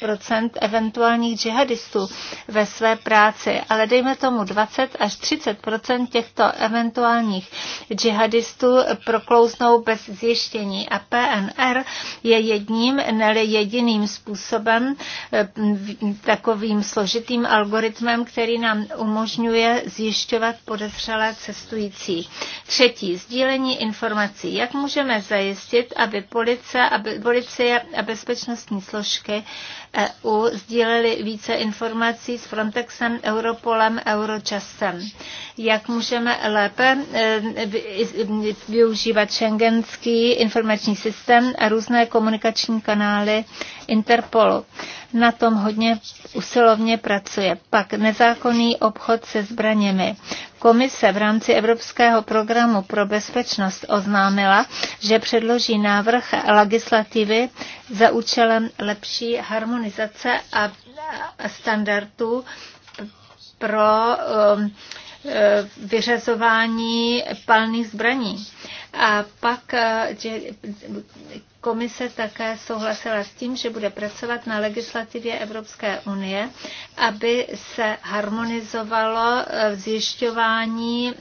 eventuálních džihadistů ve své práci, ale dejme tomu 20 až 30 těchto eventuálních džihadistů proklouznou bez zjištění. A PNR je jedním, ne jediným způsobem, eh, takovým složitým algoritmem, který nám umožňuje zjišťovat podezřelé cestující. Třetí, sdílení informací. Jak můžeme zajistit, aby policie, aby, policie a bezpečnostní složky EU sdíleli více informací s Frontexem, Europolem, Eurojustem. Jak můžeme lépe eh, využívat šengenský informační systém a různé komunikační kanály Interpolu. Na tom hodně usilovně pracuje. Pak nezákonný obchod se zbraněmi. Komise v rámci Evropského programu pro bezpečnost oznámila, že předloží návrh legislativy za účelem lepší harmonizace a standardů pro um, Eh, vyřazování palných zbraní. A pak eh, komise také souhlasila s tím, že bude pracovat na legislativě Evropské unie, aby se harmonizovalo eh, zjišťování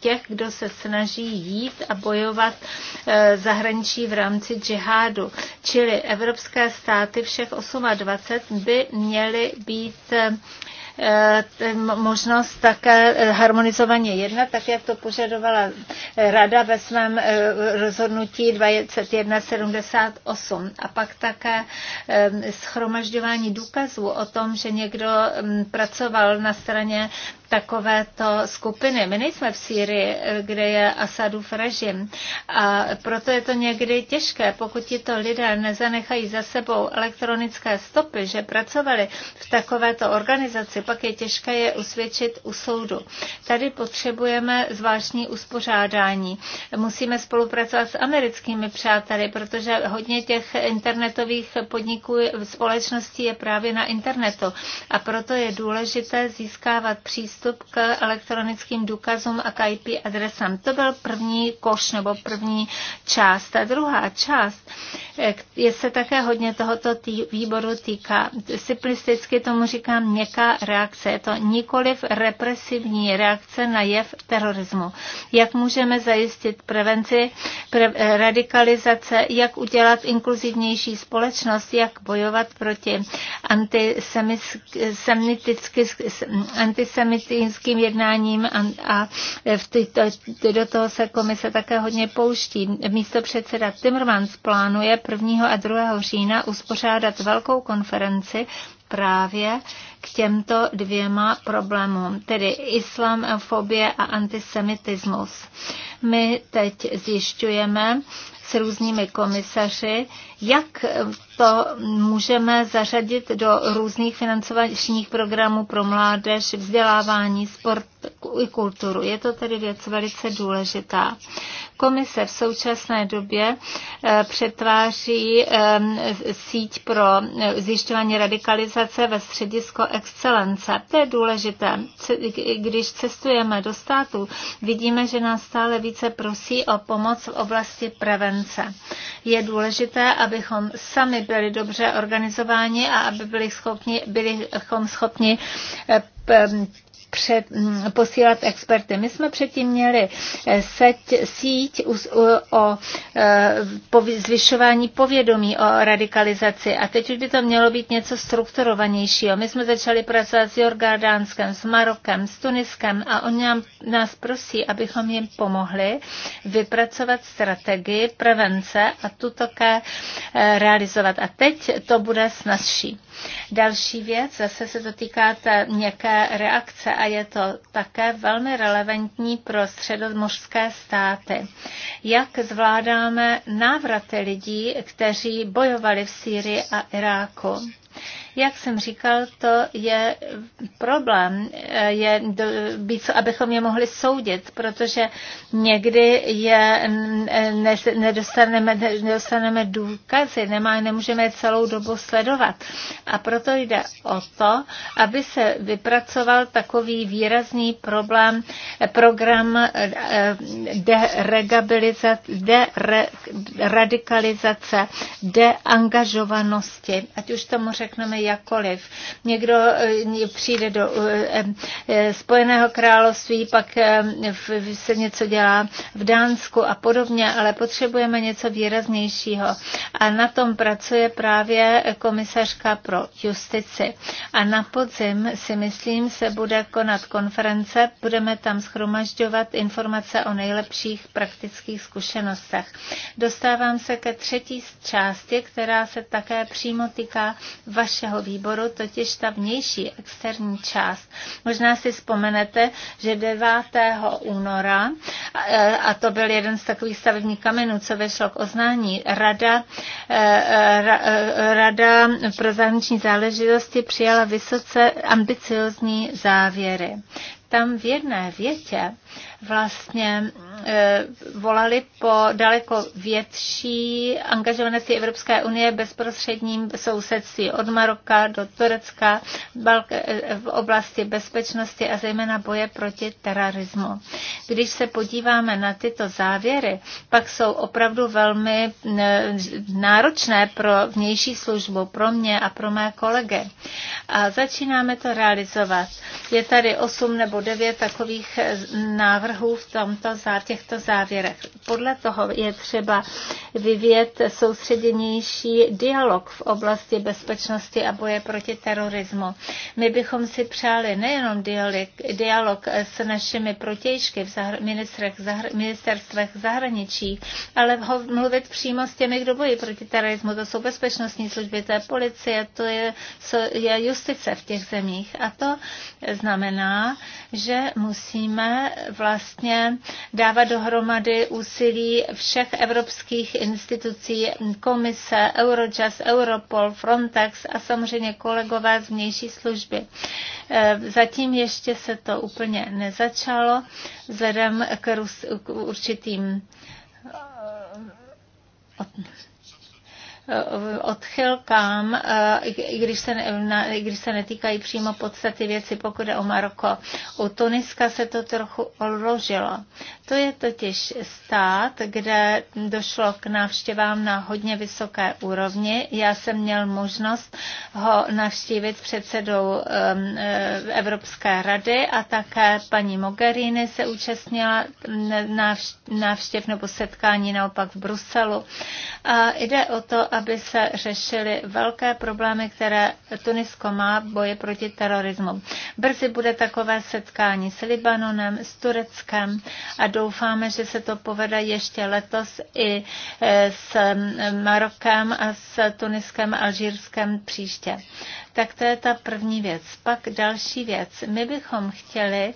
těch, kdo se snaží jít a bojovat zahraničí v rámci džihádu. Čili evropské státy všech 28 by měly být Eh, možnost také eh, harmonizovaně jednat, tak jak to požadovala rada ve svém eh, rozhodnutí 2178. A pak také schromažďování důkazů o tom, že někdo mm, pracoval na straně takovéto skupiny. My nejsme v Sýrii, kde je Asadův režim a proto je to někdy těžké, pokud tito lidé nezanechají za sebou elektronické stopy, že pracovali v takovéto organizaci, pak je těžké je usvědčit u soudu. Tady potřebujeme zvláštní uspořádání. Musíme spolupracovat s americkými přáteli, protože hodně těch internetových podniků společností je právě na internetu a proto je důležité získávat přístup přístup k elektronickým důkazům a k IP adresám. To byl první koš nebo první část. Ta druhá část je se také hodně tohoto tý, výboru týká. Simplisticky tomu říkám měkká reakce. Je to nikoliv represivní reakce na jev terorismu. Jak můžeme zajistit prevenci pre, radikalizace, jak udělat inkluzivnější společnost, jak bojovat proti antisemitickým jednáním a, a v tyto, do toho se komise také hodně pouští. Místo předseda Timmermans plánuje 1. a 2. října uspořádat velkou konferenci právě k těmto dvěma problémům, tedy islamofobie a antisemitismus. My teď zjišťujeme s různými komisaři, jak to můžeme zařadit do různých financovačních programů pro mládež, vzdělávání, sport i kulturu. Je to tedy věc velice důležitá. Komise v současné době eh, přetváří eh, síť pro eh, zjišťování radikalizace ve středisko excelence. To je důležité. Když cestujeme do států, vidíme, že nás stále více prosí o pomoc v oblasti prevence. Je důležité, abychom sami byli dobře organizováni a aby byli schopni, byli schopni eh, před, posílat experty. My jsme předtím měli eh, seť, síť o, eh, o, o zvyšování povědomí o radikalizaci a teď už by to mělo být něco strukturovanějšího. My jsme začali pracovat s Jordánskem, s Marokem, s Tuniskem a oni nám, nás prosí, abychom jim pomohli vypracovat strategii prevence a tuto realizovat a teď to bude snazší. Další věc, zase se to týká té měkké reakce a je to také velmi relevantní pro středomořské státy. Jak zvládáme návraty lidí, kteří bojovali v Sýrii a Iráku? Jak jsem říkal, to je problém, eh, je abychom je mohli soudit, protože někdy je nedostaneme, nedostaneme důkazy, nemá, nemůžeme je celou dobu sledovat. A proto jde o to, aby se vypracoval takový výrazný problém, eh, program eh, deradikalizace, deangažovanosti, ať už tomu řekneme jakkoliv. Někdo eh, přijde do eh, eh, Spojeného království, pak se něco dělá v Dánsku a podobně, ale potřebujeme něco výraznějšího. A na tom pracuje právě komisařka pro justici. A na podzim si myslím, se bude konat konference, budeme tam schromažďovat informace o nejlepších praktických zkušenostech. Dostávám se ke třetí části, která se také přímo týká vašeho našeho výboru, totiž ta vnější externí část. Možná si vzpomenete, že 9. února, eh, a to byl jeden z takových stavebních kamenů, co vešlo k oznání, Rada, eh, eh, Rada pro zahraniční záležitosti přijala vysoce ambiciozní závěry. Tam v jedné větě vlastně e, volali po daleko větší angažovanosti Evropské unie bezprostředním sousedství od Maroka do Turecka e, e, v oblasti bezpečnosti a zejména boje proti terorismu. Když se podíváme na tyto závěry, pak jsou opravdu velmi náročné pro vnější službu, pro mě a pro mé kolegy. A začínáme to realizovat. Je tady osm nebo devět takových návrhů v tomto, v těchto závěrech. Podle toho je třeba vyvět soustředěnější dialog v oblasti bezpečnosti a boje proti terorismu. My bychom si přáli nejenom dialog, dialog s našimi protějšky v zahr- ministrech, zahr- ministerstvech zahraničí, ale ho mluvit přímo s těmi, kdo bojí proti terorismu. To jsou bezpečnostní služby, to je policie, to je, je justice v těch zemích. A to znamená, že musíme vlastně dávat dohromady úsilí všech evropských institucí, komise, Eurojust, Europol, Frontex a samozřejmě kolegové z vnější služby. Eh, zatím ještě se to úplně nezačalo, vzhledem k, rus, k určitým eh, odchylkám, eh, i když se, i když se netýkají přímo podstaty věci, pokud je o Maroko. U Tuniska se to trochu odložilo. To je totiž stát, kde došlo k návštěvám na hodně vysoké úrovni. Já jsem měl možnost ho navštívit předsedou eh, Evropské rady a také paní Mogherini se účastnila návštěv nebo setkání naopak v Bruselu. A jde o to, aby se řešily velké problémy, které Tunisko má v boji proti terorismu. Brzy bude takové setkání s Libanonem, s Tureckem a doufáme, že se to povede ještě letos i e, s Marokem a s Tuniskem a Alžírskem příště. Tak to je ta první věc. Pak další věc. My bychom chtěli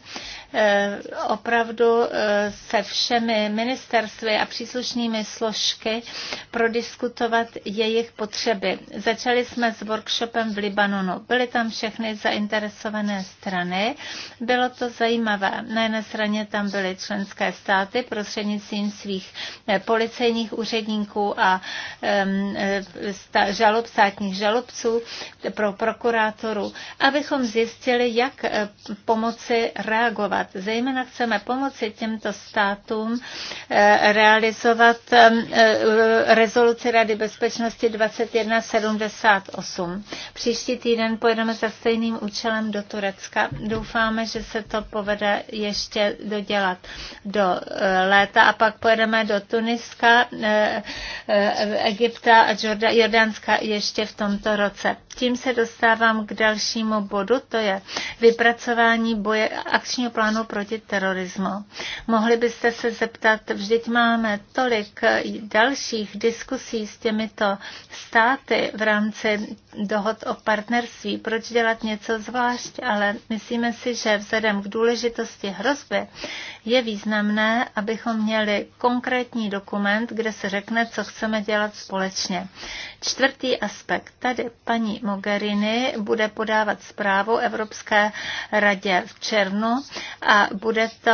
eh, opravdu eh, se všemi ministerstvy a příslušnými složky prodiskutovat jejich potřeby. Začali jsme s workshopem v Libanonu. Byly tam všechny zainteresované strany. Bylo to zajímavé. Na jedné straně tam byly členské státy prostřednictvím svých eh, policejních úředníků a žalob, státních žalobců pro prokurátorů, abychom zjistili, jak eh, pomoci reagovat. Zejména chceme pomoci těmto státům eh, realizovat eh, rezoluci Rady bezpečnosti 2178. Příští týden pojedeme za stejným účelem do Turecka. Doufáme, že se to povede ještě dodělat do léta a pak pojedeme do Tuniska, Egypta a Jordánska ještě v tomto roce. Tím se dostáváme dostávám k dalšímu bodu, to je vypracování boje akčního plánu proti terorismu. Mohli byste se zeptat, vždyť máme tolik dalších diskusí s těmito státy v rámci dohod o partnerství, proč dělat něco zvlášť, ale myslíme si, že vzhledem k důležitosti hrozby je významné, abychom měli konkrétní dokument, kde se řekne, co chceme dělat společně. Čtvrtý aspekt. Tady paní Mogherini Číny bude podávat zprávu Evropské radě v červnu a bude to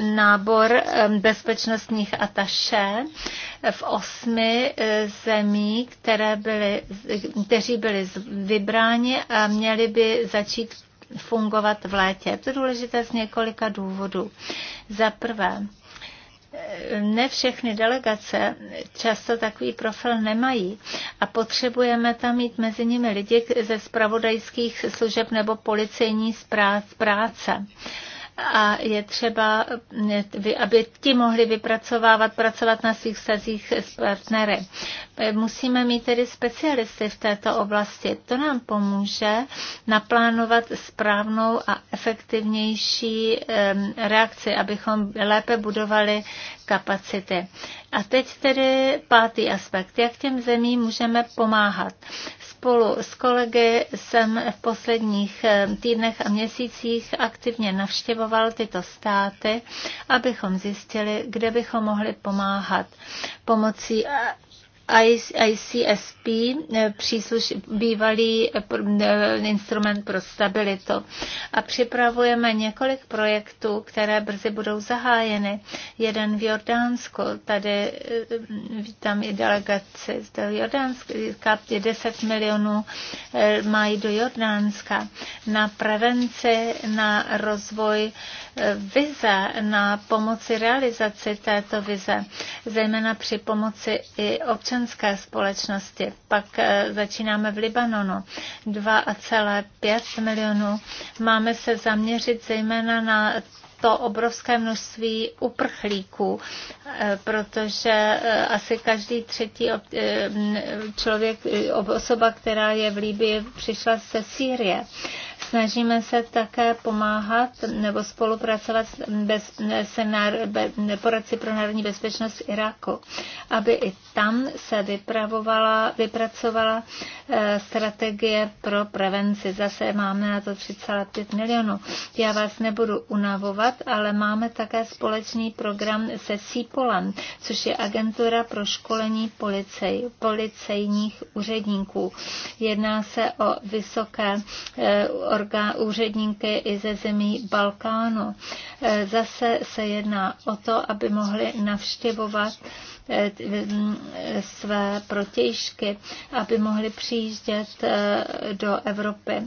um, nábor um, bezpečnostních ataše v osmi eh, zemí, které byly, kteří byli vybráni a měli by začít fungovat v létě. Je to důležité z několika důvodů. Za prvé, ne všechny delegace často takový profil nemají a potřebujeme tam mít mezi nimi lidi ze spravodajských služeb nebo policejní práce a je třeba, eh, aby ti mohli vypracovávat, pracovat na svých stazích s partnery. Eh, musíme mít tedy specialisty v této oblasti. To nám pomůže naplánovat správnou a efektivnější ehm, reakci, abychom lépe budovali kapacity. A teď tedy pátý aspekt, jak těm zemím můžeme pomáhat. Spolu s kolegy jsem v posledních eh, týdnech a měsících aktivně navštěvoval tyto státy, abychom zjistili, kde bychom mohli pomáhat pomocí ICSP, eh, přísluš, bývalý eh, eh, instrument pro stabilitu. A připravujeme několik projektů, které brzy budou zahájeny. Jeden v Jordánsku, tady vítám i delegaci z Jordánska, 10 milionů mají do Jordánska na prevenci, na rozvoj vize, na pomoci realizaci této vize, zejména při pomoci i občanů občanské společnosti. Pak eh, začínáme v Libanonu. 2,5 milionů. Máme se zaměřit zejména na to obrovské množství uprchlíků, eh, protože eh, asi každý třetí člověk, osoba, která je v Líbě, přišla ze Sýrie. Snažíme se také pomáhat nebo spolupracovat bez, se na be, poradci pro národní bezpečnost Iráku, aby i tam se vypravovala, vypracovala eh, strategie pro prevenci. Zase máme na to 3,5 milionů. Já vás nebudu unavovat, ale máme také společný program se CIPOLAN, což je agentura pro školení policej, policejních úředníků. Jedná se o vysoké eh, orgá úředníky i ze zemí Balkánu. E, zase se jedná o to, aby mohli navštěvovat e, své protějšky, aby mohli přijíždět e, do Evropy.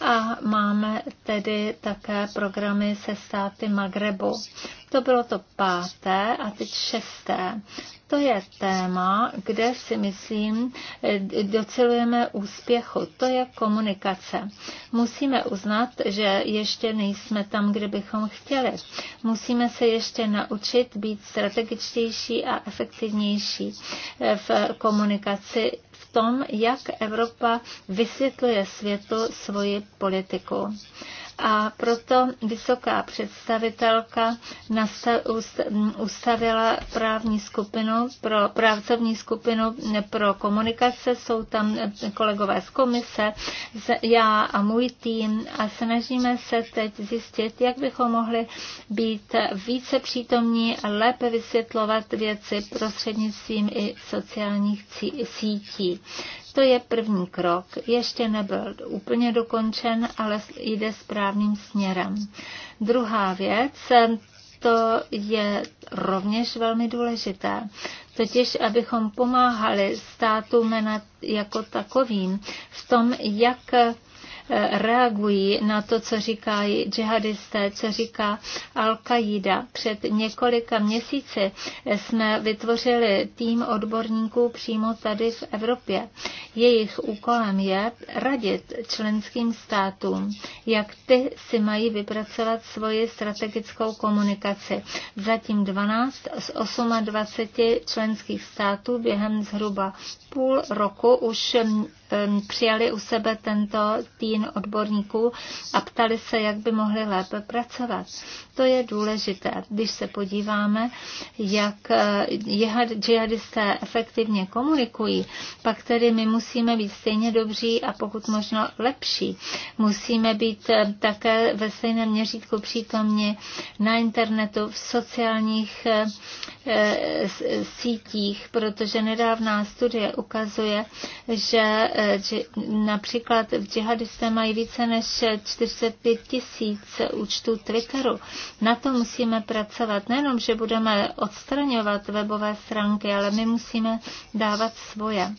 A máme tedy také programy se státy Magrebu. To bylo to páté a teď šesté. To je téma, kde si myslím, eh, docelujeme úspěchu. To je komunikace. Musíme uznat, že ještě nejsme tam, kde bychom chtěli. Musíme se ještě naučit být strategičtější a efektivnější eh, v komunikaci v tom, jak Evropa vysvětluje světu svoji politiku a proto vysoká představitelka ustavila právní skupinu pro pracovní skupinu pro komunikace. Jsou tam eh, kolegové z komise, já a můj tým a snažíme se teď zjistit, jak bychom mohli být více přítomní a lépe vysvětlovat věci prostřednictvím i sociálních sítí. To je první krok. Ještě nebyl úplně dokončen, ale jde správným směrem. Druhá věc, to je rovněž velmi důležité. Totiž, abychom pomáhali státům jako takovým v tom, jak Eh, reagují na to, co říkají džihadisté, co říká Al-Qaida. Před několika měsíci jsme vytvořili tým odborníků přímo tady v Evropě. Jejich úkolem je radit členským státům, jak ty si mají vypracovat svoji strategickou komunikaci. Zatím 12 z 28 členských států během zhruba půl roku už mm, mm, přijali u sebe tento tým skupin odborníků a ptali se, jak by mohli lépe pracovat. To je důležité, když se podíváme, jak eh, džihadisté efektivně komunikují, pak tedy my musíme být stejně dobří a pokud možno lepší. Musíme být eh, také ve stejném měřítku přítomni na internetu, v sociálních eh, sítích, protože nedávná studie ukazuje, že například v džihadisté dokonce mají více než 45 tisíc účtů Twitteru. Na to musíme pracovat. Nejenom, že budeme odstraňovat webové stránky, ale my musíme dávat svoje.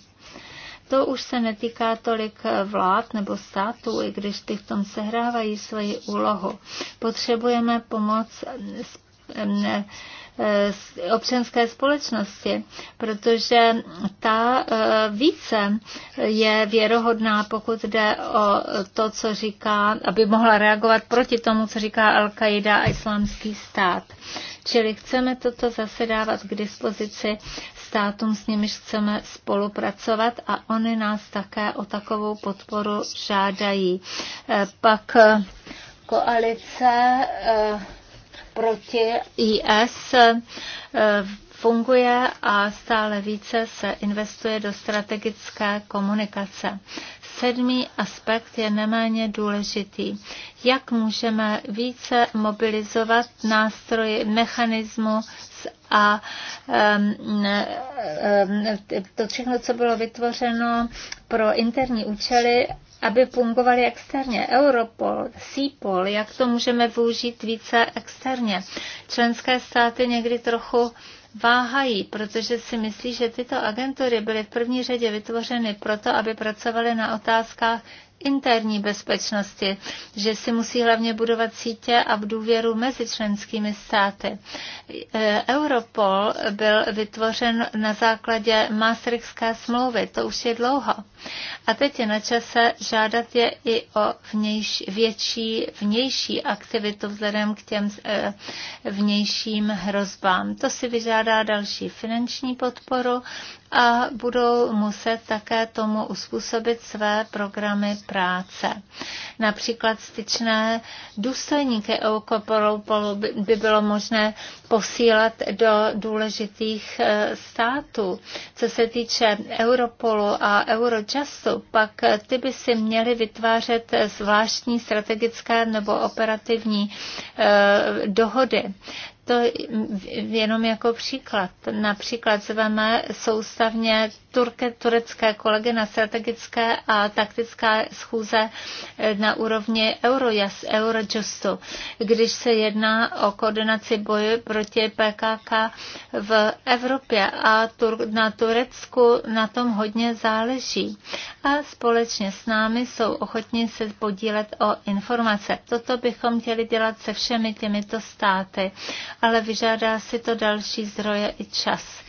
To už se netýká tolik vlád nebo států, i když ty v tom sehrávají svoji úlohu. Potřebujeme pomoc občanské společnosti, protože ta e, více je věrohodná, pokud jde o to, co říká, aby mohla reagovat proti tomu, co říká Al-Qaida a islámský stát. Čili chceme toto zase dávat k dispozici státům, s nimiž chceme spolupracovat a oni nás také o takovou podporu žádají. E, pak koalice e, proti IS eh, funguje a stále více se investuje do strategické komunikace. Sedmý aspekt je neméně důležitý. Jak můžeme více mobilizovat nástroje mechanismu a to všechno, co bylo vytvořeno pro interní účely, aby fungovaly externě. Europol, CIPOL, jak to můžeme využít více externě. Členské státy někdy trochu váhají, protože si myslí, že tyto agentury byly v první řadě vytvořeny proto, aby pracovaly na otázkách interní bezpečnosti, že si musí hlavně budovat sítě a v důvěru mezi členskými státy. E, Europol byl vytvořen na základě Maastrichtské smlouvy, to už je dlouho. A teď je na čase žádat je i o vnějš, větší vnější aktivitu vzhledem k těm e, vnějším hrozbám. To si vyžádá další finanční podporu a budou muset také tomu uspůsobit své programy práce. Například styčné důstojníky Eukoporopolu by bylo možné posílat do důležitých e, států. Co se týče Europolu a Eurojustu, pak e, ty by si měly vytvářet zvláštní strategické nebo operativní e, dohody to jenom jako příklad. Například zveme soustavně turke, turecké kolegy na strategické a taktické schůze na úrovni Eurojas, Eurojustu, když se jedná o koordinaci boje proti PKK v Evropě a tur- na Turecku na tom hodně záleží. A společně s námi jsou ochotní se podílet o informace. Toto bychom chtěli dělat se všemi těmito státy ale vyžádá si to další zdroje i čas.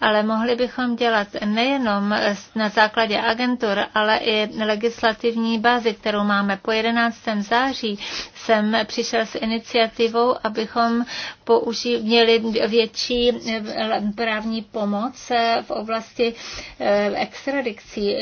Ale mohli bychom dělat nejenom na základě agentur, ale i legislativní bázi, kterou máme. Po 11. září jsem přišel s iniciativou, abychom použili, měli větší právní pomoc v oblasti eh, extradikcí,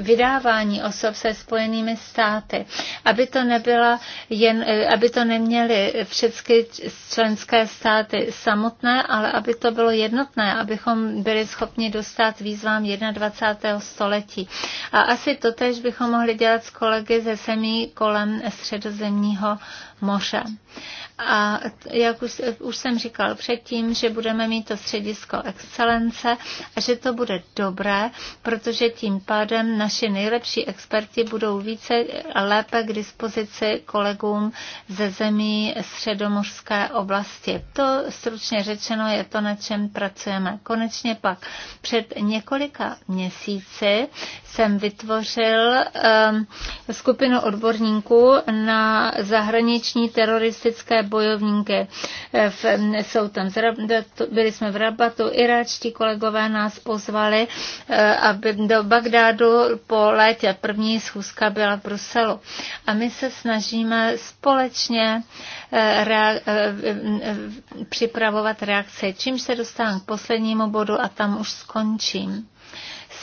vydávání osob se spojenými státy, aby to nebyla jen, eh, aby to neměly všechny členské státy samotné, ale aby to bylo jednotné, abychom byli schopni dostat výzvám 21. století. A asi to tež bychom mohli dělat s kolegy ze zemí kolem středozemního moře. A jak už, už jsem říkal předtím, že budeme mít to středisko excelence a že to bude dobré, protože tím pádem naši nejlepší experti budou více a lépe k dispozici kolegům ze zemí středomořské oblasti. To stručně řečeno je to, na čem pracujeme. Konečně pak před několika měsíci jsem vytvořil um, skupinu odborníků na zahraniční teroristické bojovníky. Eh, v, jsou tam z byli jsme v Rabatu, iráčtí kolegové nás pozvali uh, aby do Bagdádu po létě. První schůzka byla v Bruselu. A my se snažíme společně eh, připravovat reakce, čímž se dostávám k poslednímu bodu a tam už skončím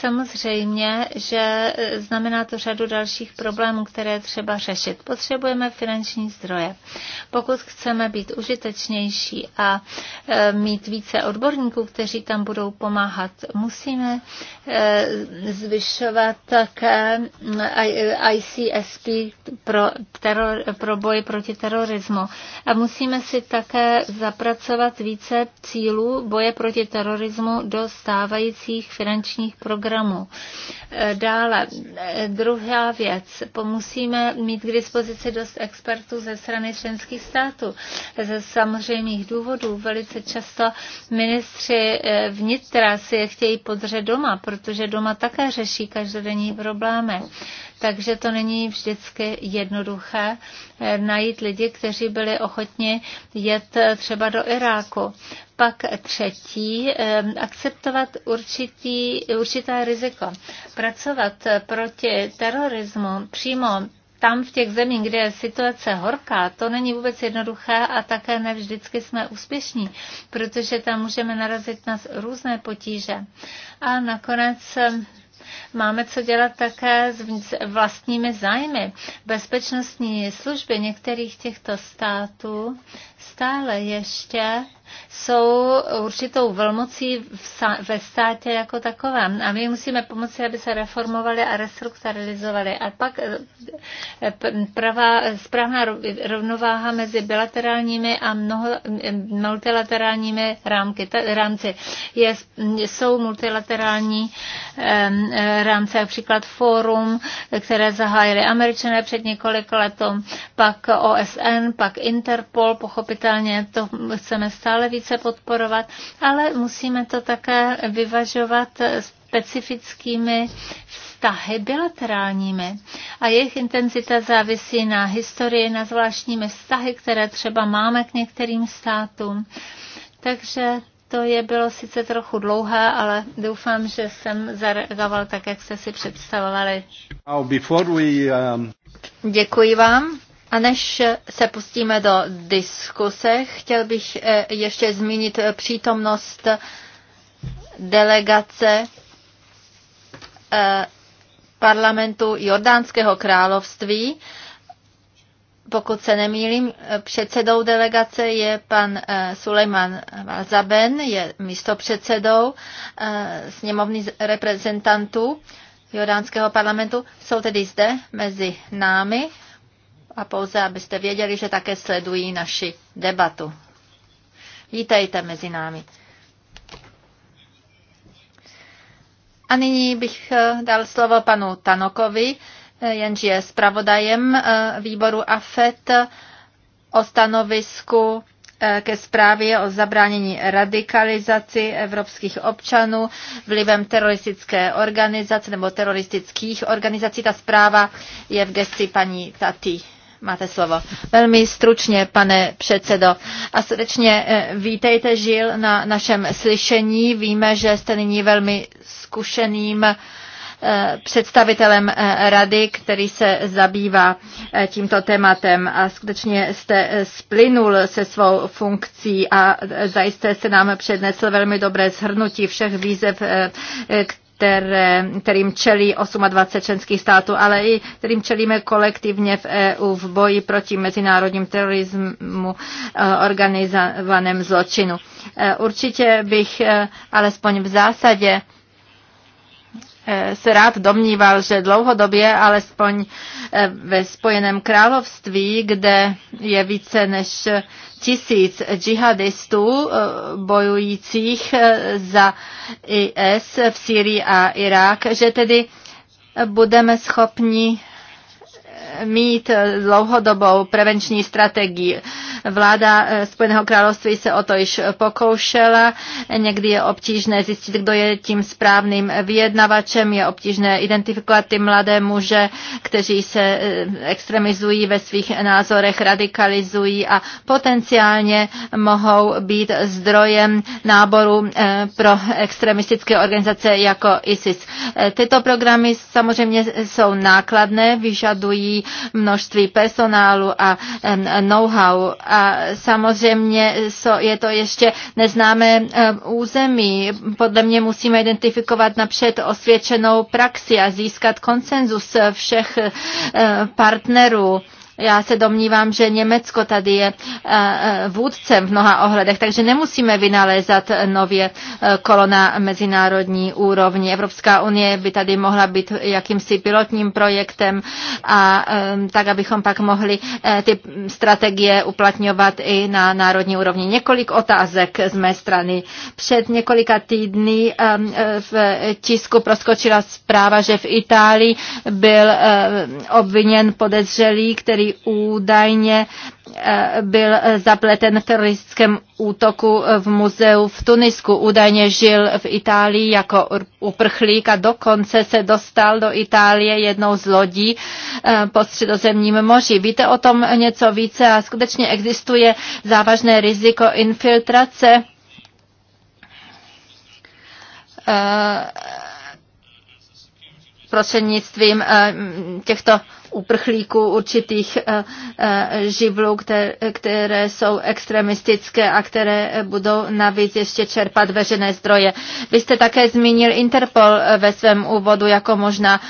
samozřejmě, že znamená to řadu dalších problémů, které třeba řešit. Potřebujeme finanční zdroje. Pokud chceme být užitečnější a e, mít více odborníků, kteří tam budou pomáhat, musíme e, zvyšovat také e, ICSP pro, teror, pro boj proti terorismu. A musíme si také zapracovat více cílů boje proti terorismu do stávajících finančních programů programu. E, dále, e, druhá věc, musíme mít k dispozici dost expertů ze strany členských států. Ze samozřejmých důvodů velice často ministři e, vnitra si je chtějí podře doma, protože doma také řeší každodenní problémy. Takže to není vždycky jednoduché najít lidi, kteří byli ochotni jet třeba do Iráku pak třetí, akceptovat určitý, určitá riziko. Pracovat proti terorismu přímo tam v těch zemích, kde je situace horká, to není vůbec jednoduché a také ne vždycky jsme úspěšní, protože tam můžeme narazit na různé potíže. A nakonec Máme co dělat také s vlastními zájmy. Bezpečnostní služby některých těchto států stále ještě jsou určitou velmocí ve státě jako takovém. A my musíme pomoci, aby se reformovali a restrukturalizovali. A pak eh, pravá, správná rovnováha mezi bilaterálními a mnoho, eh, multilaterálními rámky, rámci. Je, jsou multilaterální ehm, eh, rámce, například příklad Fórum, které zahájili Američané před několik letom, pak OSN, pak Interpol, pochopitelně pochopitelně to chceme stále více podporovat, ale musíme to také vyvažovat specifickými vztahy bilaterálními a jejich intenzita závisí na historii, na zvláštními vztahy, které třeba máme k některým státům. Takže to je bylo sice trochu dlouhé, ale doufám, že jsem zareagoval tak, jak jste si představovali. Um, Děkuji vám. A než se pustíme do diskuse, chtěl bych eh, ještě zmínit eh, přítomnost eh, delegace parlamentu Jordánského království. Pokud se nemýlím, předsedou delegace je pan Sulejman Valzaben, je místopředsedou sněmovny reprezentantů Jordánského parlamentu. Jsou tedy zde mezi námi a pouze abyste věděli, že také sledují naši debatu. Vítejte mezi námi. A nyní bych eh, dal slovo panu Tanokovi, eh, jenž je zpravodajem eh, výboru AFET o stanovisku ke zprávě o zabránění radikalizaci evropských občanů vlivem teroristické organizace nebo teroristických organizací. Ta zpráva je v gesti paní Tati. Máte slovo. Velmi stručně, pane předsedo. A srdečně eh, vítejte, Žil, na našem slyšení. Víme, že jste nyní velmi zkušeným eh, představitelem eh, rady, který se zabývá tímto tématem a skutečně jste splynul se svou funkcí a zajisté se nám přednesl velmi dobré shrnutí všech výzev, které, kterým čelí 28 členských států, ale i kterým čelíme kolektivně v EU v boji proti mezinárodním terorismu eh, organizovaném zločinu. Eh, určitě bych eh, alespoň v zásadě Eh, se rád domníval, že dlouhodobě, alespoň eh, ve Spojeném království, kde je více než tisíc džihadistů eh, bojujících za IS v Syrii a Irák, že tedy budeme schopni mít dlouhodobou prevenční strategii. Vláda eh, Spojeného království se o to již pokoušela. Někdy je obtížné zjistit, kdo je tím správným vyjednavačem. Je obtížné identifikovat ty mladé muže, kteří se eh, extremizují ve svých názorech, radikalizují a potenciálně mohou být zdrojem náboru eh, pro extremistické organizace jako ISIS. Tyto programy samozřejmě jsou nákladné, vyžadují množství personálu a know-how. A samozřejmě je to ještě neznámé území. Podle mě musíme identifikovat napřed osvědčenou praxi a získat konsenzus všech partnerů já se domnívám, že Německo tady je eh, eh, vůdcem v mnoha ohledech, takže nemusíme vynalézat nově eh, kolona mezinárodní úrovni. Evropská unie by tady mohla být jakýmsi pilotním projektem a tak, abychom pak mohli ty strategie uplatňovat i na národní úrovni. Několik otázek z mé strany. Před několika týdny v tisku proskočila zpráva, že v Itálii byl obviněn podezřelý, který údajně eh, byl eh, zapleten v teroristickém útoku v muzeu v Tunisku. Údajně žil v Itálii jako uprchlík a dokonce se dostal do Itálie jednou z lodí eh, po středozemním moři. Víte o tom něco více a skutečně existuje závažné riziko infiltrace prostřednictvím eh, těchto uprchlíků určitých eh, eh, živlů, které, které jsou extremistické a které budou navíc ještě čerpat veřejné zdroje. Vy jste také zmínil Interpol ve svém úvodu jako možná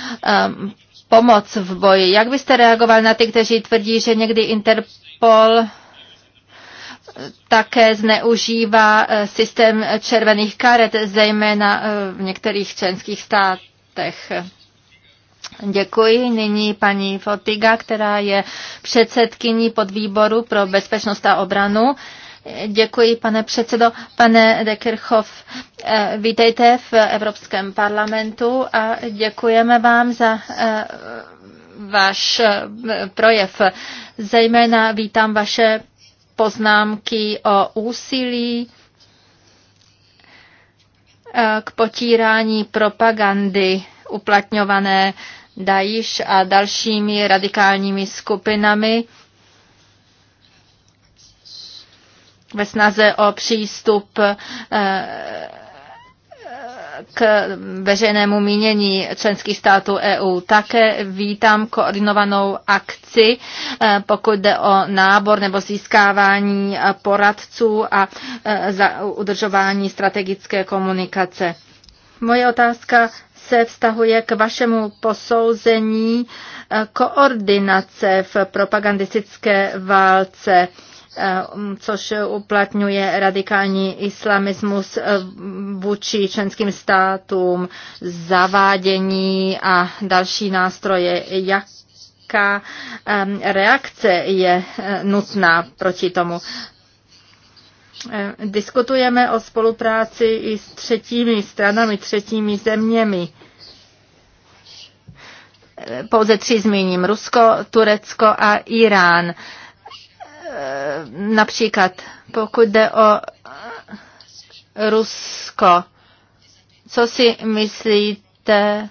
pomoc v boji. Jak byste reagoval na ty, kteří tvrdí, že někdy Interpol také zneužívá systém červených karet, zejména v některých členských státech? státech. Děkuji. Nyní paní Fotiga, která je předsedkyní podvýboru pro bezpečnost a obranu. Děkuji, pane předsedo. Pane Dekirchov, eh, vítejte v Evropském parlamentu a děkujeme vám za eh, váš eh, projev. Zejména vítám vaše poznámky o úsilí k potírání propagandy uplatňované Dajiš a dalšími radikálními skupinami ve snaze o přístup eh, k veřejnému mínění členských států EU. Také vítám koordinovanou akci, eh, pokud jde o nábor nebo získávání poradců a eh, za udržování strategické komunikace. Moje otázka se vztahuje k vašemu posouzení eh, koordinace v propagandistické válce eh, což uplatňuje radikální islamismus eh, vůči členským státům, zavádění a další nástroje. Jak jaká reakce je nutná proti tomu. Diskutujeme o spolupráci i s třetími stranami, třetími zeměmi pouze tři zmíním. Rusko, Turecko a Irán. E, například pokud jde o Rusko, co si myslíte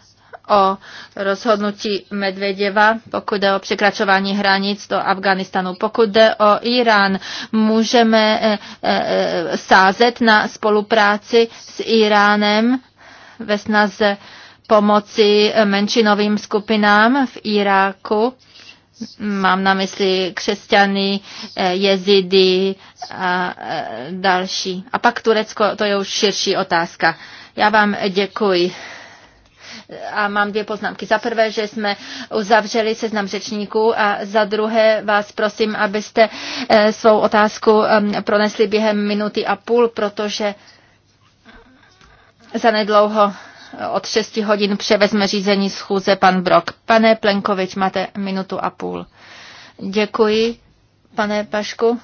o rozhodnutí Medvěděva, pokud jde o překračování hranic do Afganistanu. Pokud jde o Irán, můžeme e, e, sázet na spolupráci s Iránem ve snaze pomoci menšinovým skupinám v Iráku. Mám na mysli křesťany, eh, jezidy a eh, další. A pak Turecko, to je už širší otázka. Já vám děkuji a mám dvě poznámky. Za prvé, že jsme uzavřeli seznam řečníků a za druhé vás prosím, abyste eh, svou otázku pronesli během minuty a půl, protože zanedlouho od 6 hodin převezme řízení schůze pan Brok. Pane Plenkovič, máte minutu a půl. Děkuji, pane Pašku.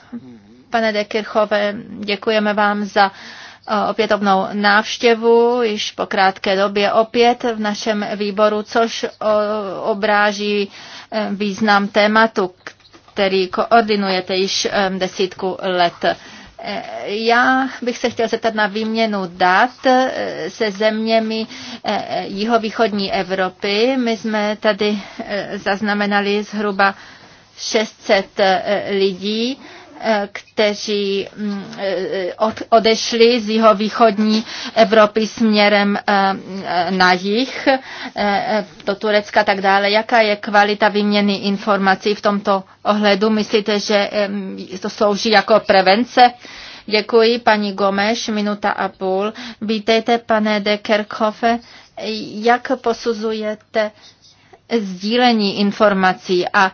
Pane Dekirchové, děkujeme vám za eh, opětovnou návštěvu již po krátké době opět v našem výboru, což eh, obráží eh, význam tématu, který koordinujete již desítku let. Eh, já bych se chtěl zeptat na výměnu dat eh, se zeměmi eh, jihovýchodní Evropy. My jsme tady zaznamenali zhruba 600 lidí kteří mm, eh, odešli z jeho východní Evropy směrem eh, eh, na jih, do Turecka a tak dále. Jaká je kvalita výměny informací v tomto ohledu? Myslíte, že mm, to slouží jako prevence? Děkuji, paní Gomeš, minuta a půl. Vítejte, pane de Kerkhofe. Jak posuzujete sdílení informací a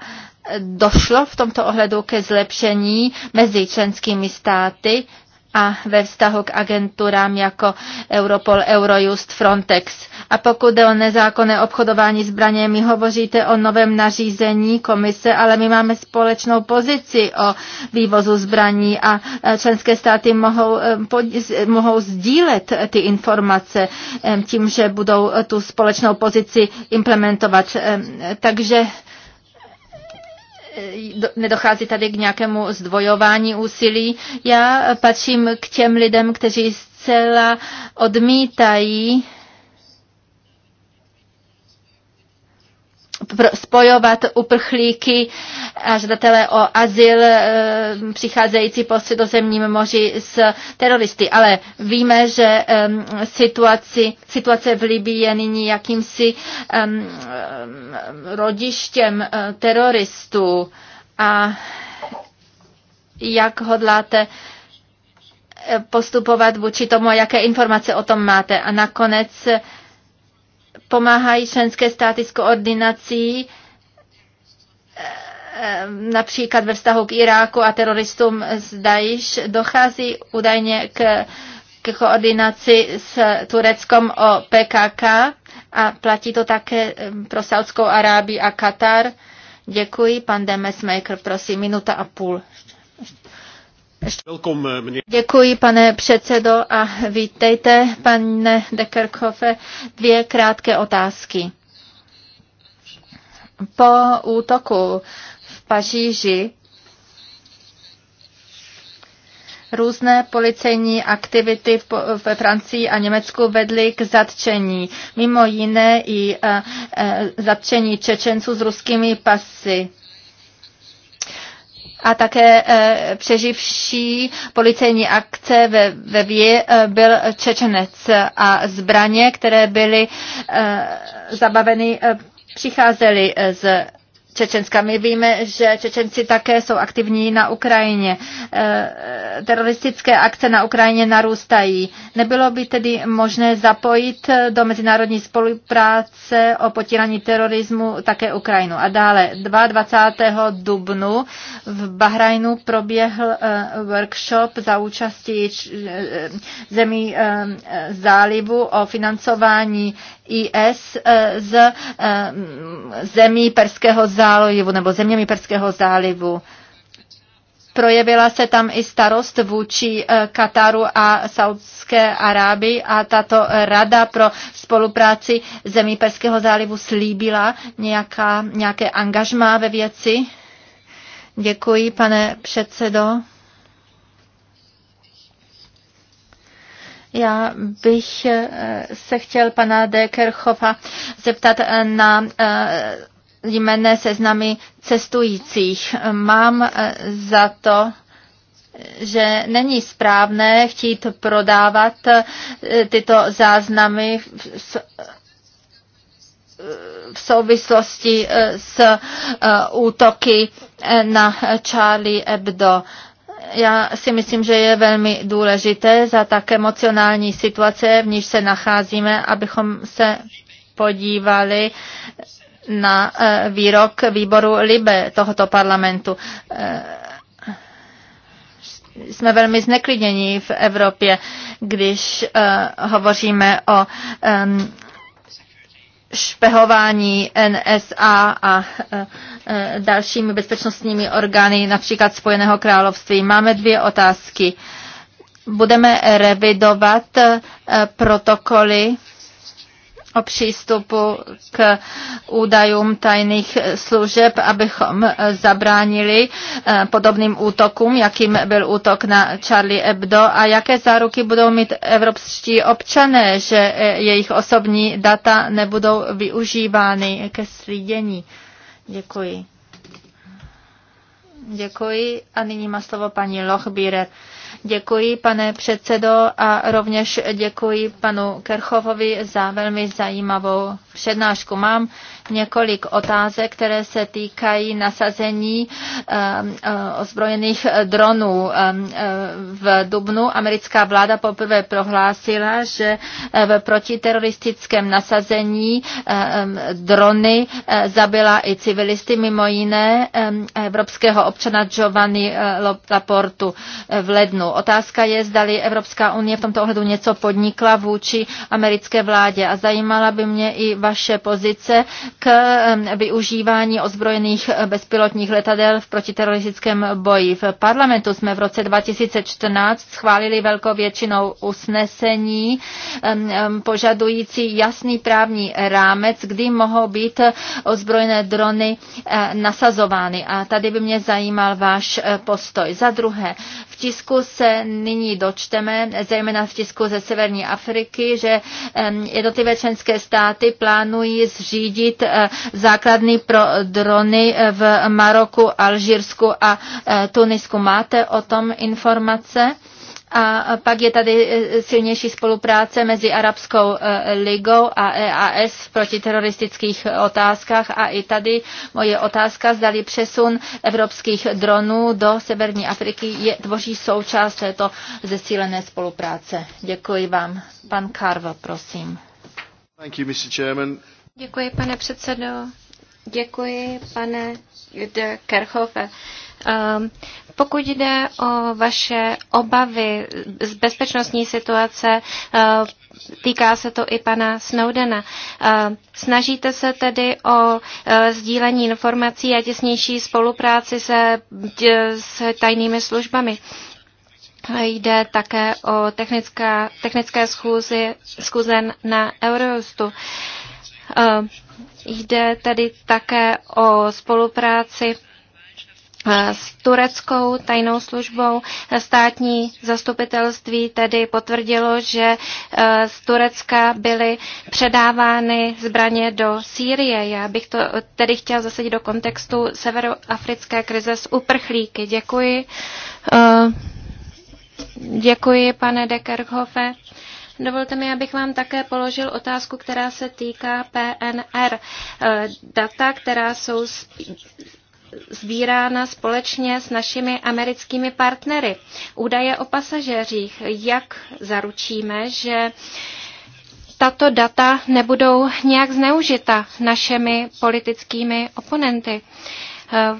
došlo v tomto ohledu ke zlepšení mezi členskými státy a ve vztahu k agenturám jako Europol, Eurojust, Frontex. A pokud jde o nezákonné obchodování zbraněmi, hovoříte o novém nařízení komise, ale my máme společnou pozici o vývozu zbraní a e, členské státy mohou, e, mohou sdílet ty informace e, tím, že budou tu společnou pozici implementovat. Takže nedochází tady k nějakému zdvojování úsilí. Já patřím k těm lidem, kteří zcela odmítají spojovat uprchlíky a žadatele o azyl e, přicházející po středozemním moři s teroristy. Ale víme, že situaci, situace v Libii je nyní jakýmsi rodištěm e, teroristů. A jak hodláte e, postupovat vůči tomu, jaké informace o tom máte. A nakonec pomáhají členské státy s koordinací e, e, například ve vztahu k Iráku a teroristům z Daesh dochází údajně k, k koordinaci s Tureckom o PKK a platí to také e, pro Saudskou Arábii a Katar. Děkuji, pan Demesmaker, prosím, minuta a půl. Eh, Děkuji, pane předsedo, a vítejte, pane Dekerkofe. Dvě krátké otázky. Po útoku v Paříži různé policejní aktivity ve Francii a Německu vedly k zatčení. Mimo jiné i eh, eh, zatčení Čečenců s ruskými pasy a také eh, přeživší policejní akce ve, ve Vě eh, byl Čečenec a zbraně, které byly eh, zabaveny přicházeli z Čečenska. My víme, že Čečenci také jsou aktivní na Ukrajině. E, teroristické akce na Ukrajině narůstají. Nebylo by tedy možné zapojit do mezinárodní spolupráce o potírání terorismu také Ukrajinu. A dále 22. dubnu v Bahrajnu proběhl e, workshop za účastí e, zemí zálivu o financování IS eh, z eh, zemí Perského zálivu nebo zeměmi Perského zálivu. Projevila se tam i starost vůči eh, Kataru a Saudské Arábii a tato rada pro spolupráci zemí Perského zálivu slíbila nějaká, nějaké angažmá ve věci. Děkuji, pane předsedo. Já bych eh, se chtěl pana Dekerchova zeptat eh, na eh, jmenné seznamy cestujících. Mám za to, že není správné chtít prodávat tyto záznamy v souvislosti s útoky na Charlie Hebdo já si myslím, že je velmi důležité za tak emocionální situace, v níž se nacházíme, abychom se podívali na eh, výrok výboru Libe tohoto parlamentu. Eh, jsme velmi zneklidnění v Evropě, když eh, hovoříme o špehování NSA a e, e, dalšími bezpečnostními orgány, například Spojeného království. Máme dvě otázky. Budeme revidovat e, protokoly o přístupu k údajům tajných služeb, abychom zabránili eh, podobným útokům, jakým byl útok na Charlie Hebdo a jaké záruky budou mít evropští občané, že eh, jejich osobní data nebudou využívány ke slídění. Děkuji. Děkuji a nyní má slovo paní Lochbírer. Děkuji, pane předsedo, a rovněž děkuji panu Kerchovovi za velmi zajímavou přednášku. Mám několik otázek, které se týkají nasazení eh, eh, ozbrojených dronů. Eh, v Dubnu americká vláda poprvé prohlásila, že v protiteroristickém nasazení drony zabila i civilisty, mimo jiné evropského občana Giovanni Laportu v lednu. Otázka je, zdali Evropská unie v tomto ohledu něco podnikla vůči americké vládě a zajímala by mě i vaše pozice k využívání ozbrojených eh, bezpilotních letadel v protiteroristickém boji. V parlamentu jsme v roce 2014 schválili velkou většinou usnesení požadující jasný právní rámec, kdy mohou být eh, ozbrojené drony eh, nasazovány. A tady by mě zajímal váš postoj. Za druhé, tisku se nyní dočteme, zejména v tisku ze Severní Afriky, že jednotlivé členské státy plánují zřídit eh, základny pro drony eh, v Maroku, Alžírsku a eh, Tunisku. Máte o tom informace? A pak je tady eh, silnější spolupráce mezi Arabskou eh, ligou a EAS v protiteroristických otázkách. A i tady moje otázka, zdali přesun evropských dronů do Severní Afriky je, tvoří součást této zesílené spolupráce. Děkuji vám. Pan Carver, prosím. Thank you, Mr. Chairman. Děkuji, pane předsedo. Děkuji, pane de Kerchove. Um, pokud jde o vaše obavy z bezpečnostní situace, eh, týká se to i pana Snowdena. Eh, snažíte se tedy o eh, sdílení informací a těsnější spolupráci se, s tajnými službami. Jde také o technická, technické schůzy, schůze na Eurostu. Jde tedy také o spolupráci s tureckou tajnou službou. Státní zastupitelství tedy potvrdilo, že e, z Turecka byly předávány zbraně do Sýrie. Já bych to tedy chtěl zasadit do kontextu severoafrické krize z uprchlíky. Děkuji. E, děkuji, pane Deckerhofe. Dovolte mi, abych vám také položil otázku, která se týká PNR. E, data, která jsou sbírána společně s našimi americkými partnery. Údaje o pasažéřích, jak zaručíme, že tato data nebudou nějak zneužita našimi politickými oponenty.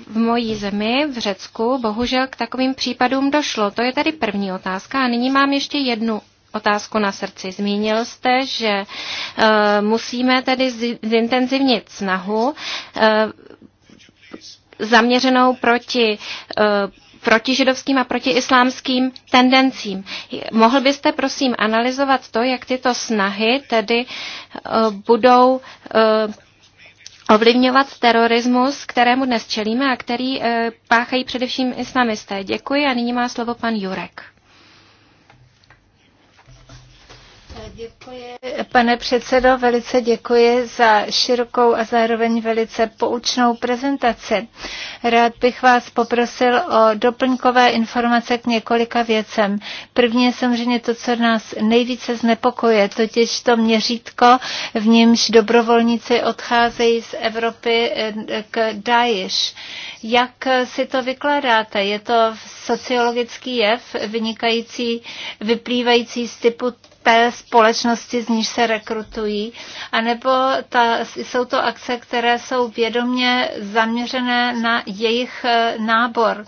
V mojí zemi, v Řecku, bohužel k takovým případům došlo. To je tady první otázka. A nyní mám ještě jednu otázku na srdci. Zmínil jste, že eh, musíme tedy zintenzivnit snahu eh, zaměřenou proti eh, protižidovským židovským a proti islámským tendencím. Mohl byste prosím analyzovat to, jak tyto snahy tedy eh, budou eh, ovlivňovat terorismus, kterému dnes čelíme a který páchají především islamisté. Děkuji a nyní má slovo pan Jurek. Děkuji, pane předsedo, velice děkuji za širokou a zároveň velice poučnou prezentaci. Rád bych vás poprosil o doplňkové informace k několika věcem. První je samozřejmě to, co nás nejvíce znepokoje, totiž to měřítko, v němž dobrovolníci odcházejí z Evropy eh, k Daesh. Jak si to vykládáte? Je to sociologický jev vynikající, vyplývající z typu té společnosti, z níž se rekrutují, anebo ta, jsou to akce, které jsou vědomě zaměřené na jejich eh, nábor.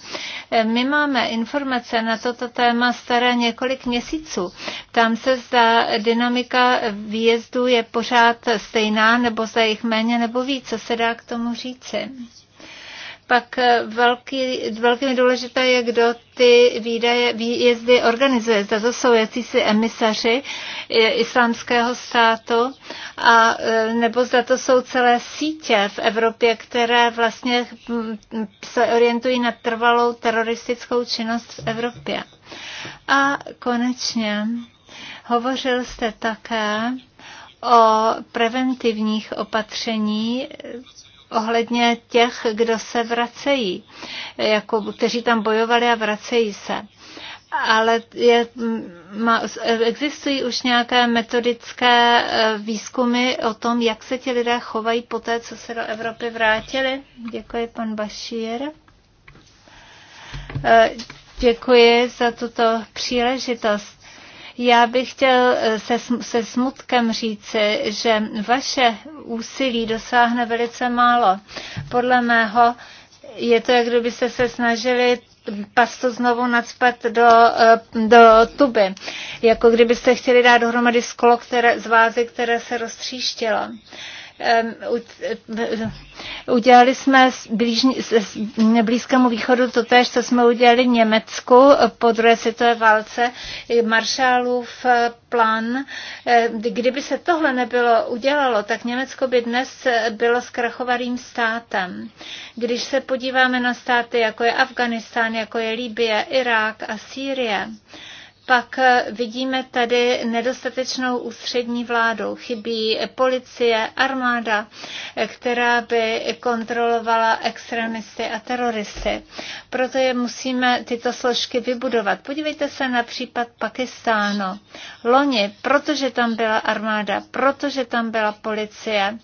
Eh, my máme informace na toto téma staré několik měsíců. Tam se zda dynamika výjezdů je pořád stejná, nebo zda jich méně nebo víc. Co se dá k tomu říci? pak eh, velký, velmi důležité je, kdo ty výdaje, výjezdy organizuje. Zda to jsou jakýsi emisaři eh, islámského státu, a, eh, nebo zda to jsou celé sítě v Evropě, které vlastně hm, se orientují na trvalou teroristickou činnost v Evropě. A konečně hovořil jste také o preventivních opatření ohledně těch, kdo se vracejí, jako, kteří tam bojovali a vracejí se ale je, mm, má, existují už nějaké metodické e, výzkumy o tom, jak se ti lidé chovají po té, co se do Evropy vrátili? Děkuji, pan Bašír. E, děkuji za tuto příležitost. Já bych chtěl eh, se, se smutkem říci, že vaše úsilí dosáhne velice málo. Podle mého je to, jak kdybyste se snažili pastu znovu nadspat do, eh, do tuby. Jako kdybyste chtěli dát dohromady sklo které, z vázy, které se roztříštilo udělali jsme blížní, Blízkému východu to tež, co jsme udělali Německu po druhé světové válce, Maršálův eh, plán. Kdyby se tohle nebylo udělalo, tak Německo by dnes eh, bylo zkrachovaným státem. Když se podíváme na státy, jako je Afganistán, jako je Libie, Irák a Sýrie, pak eh, vidíme tady nedostatečnou ústřední vládu. Chybí policie, armáda, eh, která by kontrolovala extremisty a teroristy. Proto je musíme tyto složky vybudovat. Podívejte se na případ Pakistánu. Loni, protože tam byla armáda, protože tam byla policie,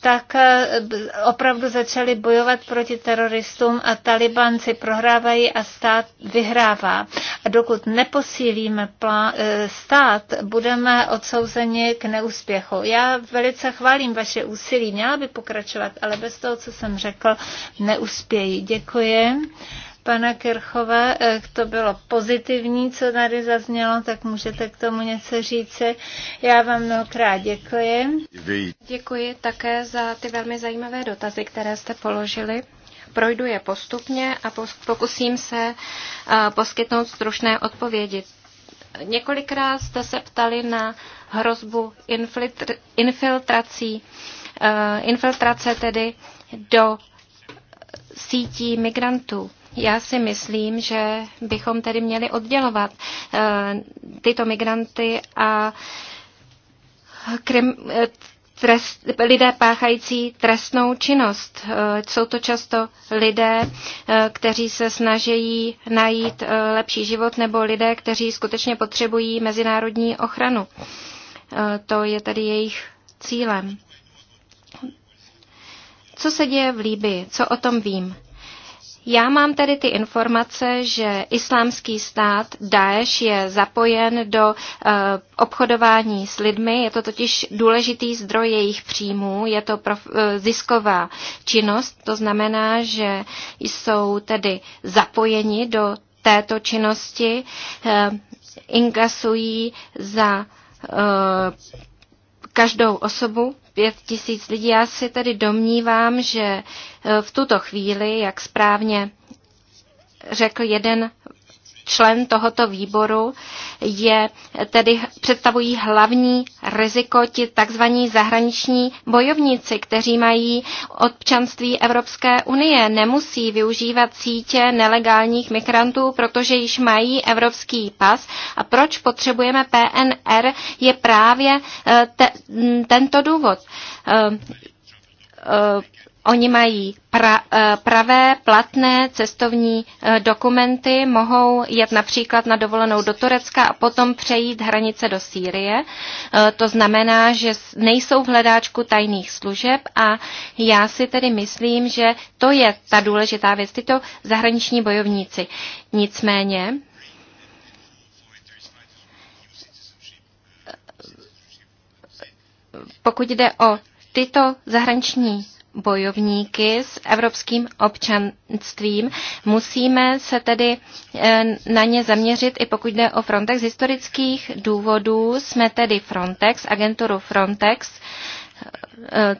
tak eh, opravdu začali bojovat proti teroristům a talibanci prohrávají a stát vyhrává. A dokud neposílíme eh, stát, budeme odsouzeni k neúspěchu. Já velice chválím vaše úsilí, měla by pokračovat, ale bez toho, co jsem řekl, neuspějí. Děkuji pana Kirchové, eh, to bylo pozitivní, co tady zaznělo, tak můžete k tomu něco říci. Já vám mnohokrát děkuji. Děkuji také za ty velmi zajímavé dotazy, které jste položili. Projdu je postupně a pokusím se eh, poskytnout stručné odpovědi. Několikrát jste se ptali na hrozbu infiltrací, eh, infiltrace tedy do sítí migrantů. Já si myslím, že bychom tedy měli oddělovat eh, tyto migranty a krim, eh, trest, lidé páchající trestnou činnost. Eh, jsou to často lidé, kteří se snaží najít lepší život nebo lidé, kteří skutečně potřebují mezinárodní ochranu. To je tedy jejich cílem. Co se děje v Líbii? Co o tom vím? Já mám tedy ty informace, že islámský stát Daesh je zapojen do e, obchodování s lidmi, je to totiž důležitý zdroj jejich příjmů, je to prof, e, zisková činnost, to znamená, že jsou tedy zapojeni do této činnosti, e, eh, inkasují za e, každou osobu, pět tisíc lidí. Já si tedy domnívám, že eh, v tuto chvíli, jak správně řekl jeden člen tohoto výboru, je, tedy představují hlavní riziko ti tzv. zahraniční bojovníci, kteří mají občanství Evropské unie. Nemusí využívat sítě nelegálních migrantů, protože již mají evropský pas. A proč potřebujeme PNR, je právě eh, te, tento důvod eh, eh, Oni mají pra, eh, pravé platné cestovní eh, dokumenty, mohou jet například na dovolenou do Turecka a potom přejít hranice do Sýrie. Eh, to znamená, že nejsou v hledáčku tajných služeb a já si tedy myslím, že to je ta důležitá věc, tyto zahraniční bojovníci. Nicméně pokud jde o tyto zahraniční bojovníky s evropským občanstvím. Musíme se tedy eh, na ně zaměřit, i pokud jde o Frontex. Z historických důvodů jsme tedy Frontex, agenturu Frontex, eh,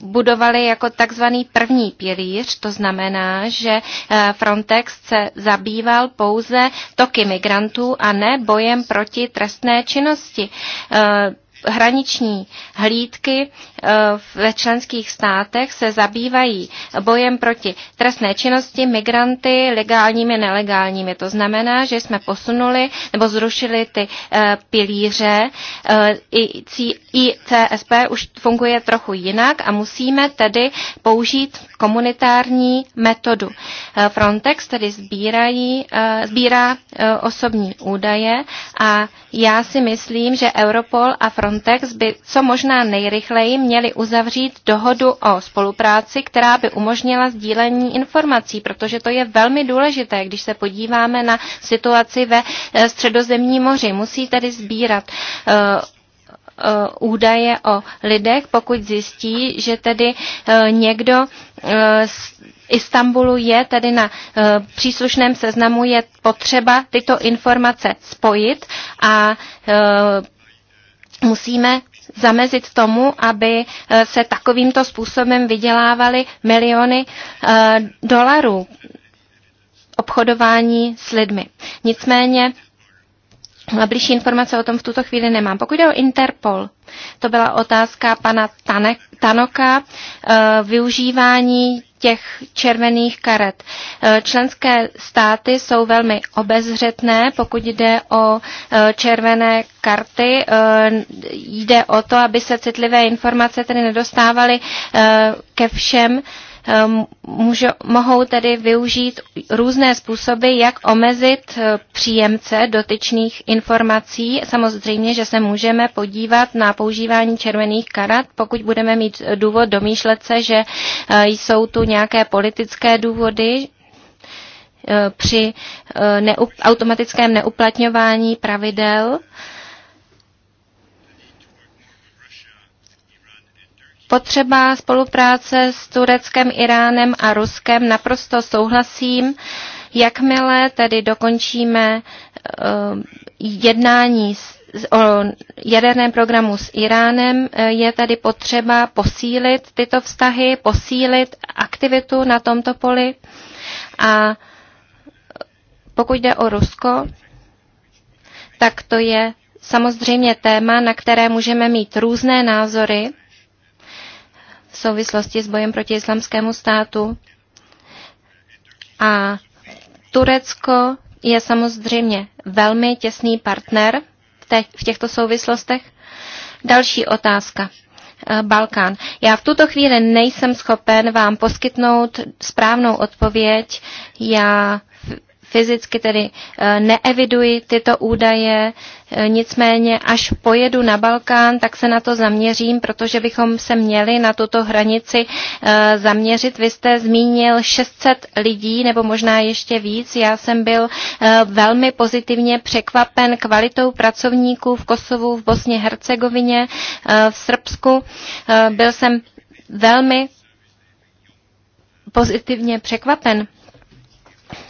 budovali jako takzvaný první pilíř, to znamená, že eh, Frontex se zabýval pouze toky migrantů a ne bojem proti trestné činnosti hraniční hlídky eh, ve členských státech se zabývají bojem proti trestné činnosti, migranty, legálními, nelegálními. To znamená, že jsme posunuli nebo zrušili ty eh, pilíře. Eh, I CSP už funguje trochu jinak a musíme tedy použít komunitární metodu. Frontex tedy sbírají, sbírá osobní údaje a já si myslím, že Europol a Frontex Frontex by co možná nejrychleji měli uzavřít dohodu o spolupráci, která by umožnila sdílení informací, protože to je velmi důležité, když se podíváme na situaci ve eh, středozemní moři. Musí tedy sbírat eh, eh, údaje o lidech, pokud zjistí, že tedy někdo z Istanbulu je tedy na příslušném seznamu, je potřeba tyto informace spojit a musíme zamezit tomu, aby eh, se takovýmto způsobem vydělávaly miliony eh, dolarů obchodování s lidmi. Nicméně bližší informace o tom v tuto chvíli nemám. Pokud jde o Interpol, to byla otázka pana Tanoka. Eh, využívání těch červených karet. Eh, členské státy jsou velmi obezřetné, pokud jde o eh, červené karty. Jde o to, aby se citlivé informace tedy nedostávaly ke všem Ehm, může, mohou tedy využít různé způsoby, jak omezit eh, příjemce dotyčných informací. Samozřejmě, že se můžeme podívat na používání červených karat, pokud budeme mít eh, důvod domýšlet se, že eh, jsou tu nějaké politické důvody při neup- automatickém neuplatňování pravidel. potřeba spolupráce s Tureckem, Iránem a Ruskem naprosto souhlasím. Jakmile tedy dokončíme eh, jednání o jaderném programu s Iránem, eh, je tady potřeba posílit tyto vztahy, posílit aktivitu na tomto poli. A pokud jde o Rusko, tak to je samozřejmě téma, na které můžeme mít různé názory v souvislosti s bojem proti islamskému státu. A Turecko je samozřejmě velmi těsný partner v těchto souvislostech. Další otázka. Eh, Balkán. Já v tuto chvíli nejsem schopen vám poskytnout správnou odpověď. Já fyzicky tedy eh, neeviduji tyto údaje, eh, nicméně až pojedu na Balkán, tak se na to zaměřím, protože bychom se měli na tuto hranici eh, zaměřit. Vy jste zmínil 600 lidí nebo možná ještě víc. Já jsem byl velmi pozitivně překvapen kvalitou pracovníků v Kosovu, v Bosně Hercegovině, v Srbsku. Byl jsem velmi pozitivně překvapen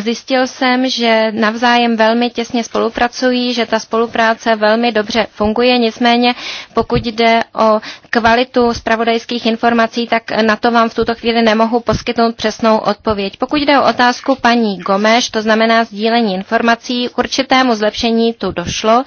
Zjistil jsem, že navzájem velmi těsně spolupracují, že ta spolupráce velmi dobře funguje, nicméně pokud jde o kvalitu zpravodajských informací, tak na to vám v tuto chvíli nemohu poskytnout přesnou odpověď. Pokud jde o otázku paní Gomeš, to znamená sdílení informací, k určitému zlepšení tu došlo.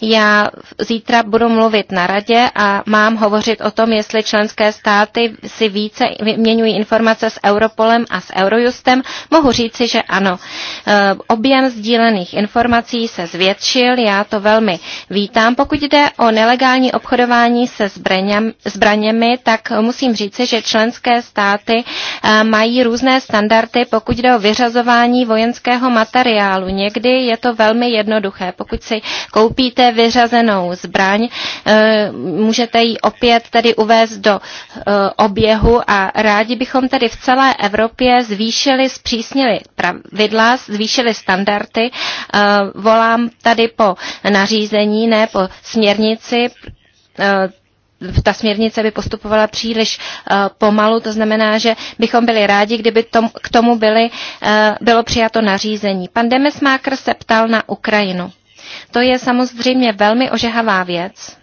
Já zítra budu mluvit na radě a mám hovořit o tom, jestli členské státy si více vyměňují informace s Europolem a s Eurojustem. Mohu říci, že ano, e, objem sdílených informací se zvětšil, já to velmi vítám. Pokud jde o nelegální obchodování se zbraněm, zbraněmi, tak musím říci, že členské státy e, mají různé standardy, pokud jde o vyřazování vojenského materiálu. Někdy je to velmi jednoduché. Pokud si koupíte vyřazenou zbraň, e, můžete ji opět tedy uvést do oběhu a rádi bychom tedy v celé Evropě zvýšili, zpřísnili prav pravidla, zvýšili standardy. Eh, volám tady po nařízení, ne po směrnici eh, ta směrnice by postupovala příliš eh, pomalu, to znamená, že bychom byli rádi, kdyby tom, k tomu byly, bylo přijato nařízení. Pan Demesmáker se ptal na Ukrajinu. To je samozřejmě velmi ožehavá věc.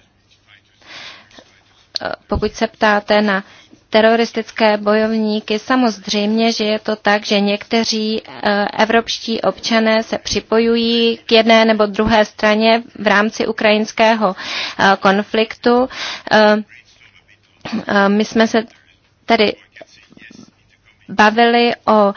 Pokud se ptáte na teroristické bojovníky. Samozřejmě, že je to tak, že někteří eh, evropští občané se připojují k jedné nebo druhé straně v rámci ukrajinského eh, konfliktu. Eh, my jsme se tady bavili o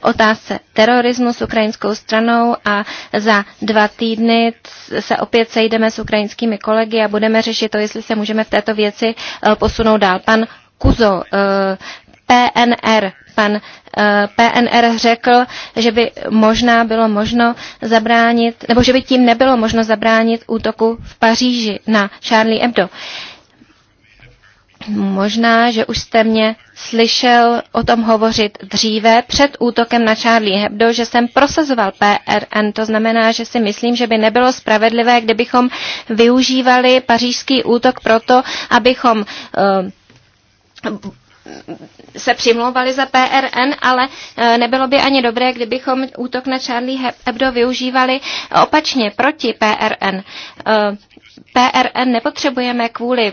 otázce terorismu s ukrajinskou stranou a za dva týdny se opět sejdeme s ukrajinskými kolegy a budeme řešit to, jestli se můžeme v této věci posunout dál. Pan Kuzo, eh, PNR. Pan eh, PNR řekl, že by možná bylo možno zabránit, nebo že by tím nebylo možno zabránit útoku v Paříži na Charlie Hebdo. Možná, že už jste mě slyšel o tom hovořit dříve před útokem na Charlie Hebdo, že jsem prosazoval PRN. To znamená, že si myslím, že by nebylo spravedlivé, kdybychom využívali pařížský útok proto, abychom uh, se přimlouvali za PRN, ale e, nebylo by ani dobré, kdybychom útok na Charlie Hebdo využívali opačně proti PRN. E, PRN nepotřebujeme kvůli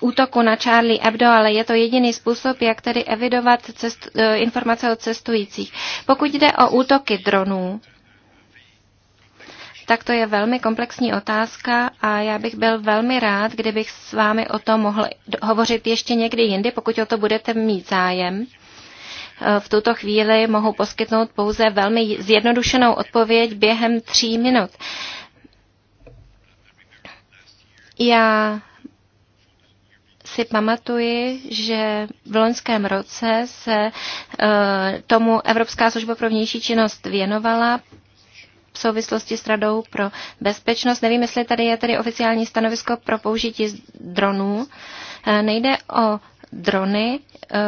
útoku na Charlie Hebdo, ale je to jediný způsob, jak tedy evidovat cestu, e, informace o cestujících. Pokud jde o útoky dronů, tak to je velmi komplexní otázka a já bych byl velmi rád, kdybych s vámi o tom mohl hovořit ještě někdy jindy, pokud o to budete mít zájem. E, v tuto chvíli mohu poskytnout pouze velmi zjednodušenou odpověď během tří minut. Já si pamatuji, že v loňském roce se e, tomu Evropská služba pro vnější činnost věnovala v souvislosti s Radou pro bezpečnost. Nevím, jestli tady je tady oficiální stanovisko pro použití dronů. Eh, nejde o drony eh,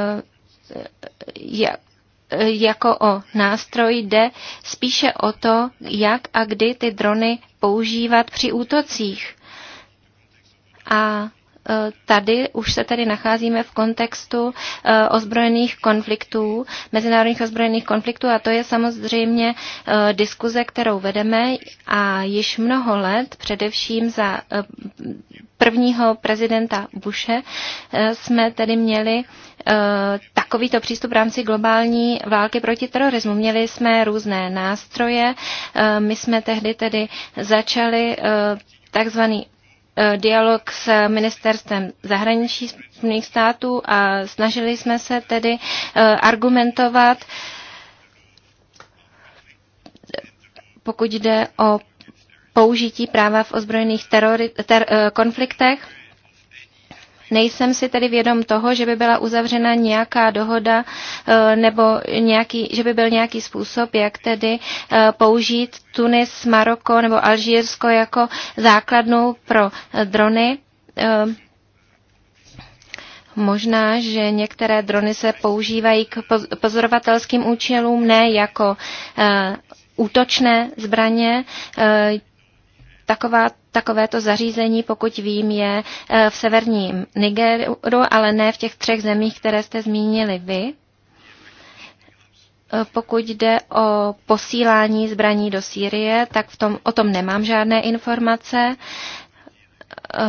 eh, jako o nástroj, jde spíše o to, jak a kdy ty drony používat při útocích. A tady už se tady nacházíme v kontextu eh, ozbrojených konfliktů, mezinárodních ozbrojených konfliktů a to je samozřejmě eh, diskuze, kterou vedeme a již mnoho let, především za eh, prvního prezidenta Bushe, jsme tedy měli takovýto přístup v rámci globální války proti terorismu. Měli jsme různé nástroje, my jsme tehdy tedy začali takzvaný Eh, dialog s ministerstvem zahraničí Spojených států a snažili jsme se tedy eh, argumentovat, pokud jde o použití práva v ozbrojených terori, ter, eh, konfliktech. Nejsem si tedy vědom toho, že by byla uzavřena nějaká dohoda eh, nebo nějaký, že by byl nějaký způsob, jak tedy eh, použít Tunis, Maroko nebo Alžírsko jako základnu pro eh, drony. Možná, že některé drony se používají k pozorovatelským účelům, ne jako útočné zbraně. Taková, takovéto zařízení, pokud vím, je eh, v severním Nigeru, ale ne v těch třech zemích, které jste zmínili vy. Eh, pokud jde o posílání zbraní do Sýrie, tak v tom, o tom nemám žádné informace. Eh,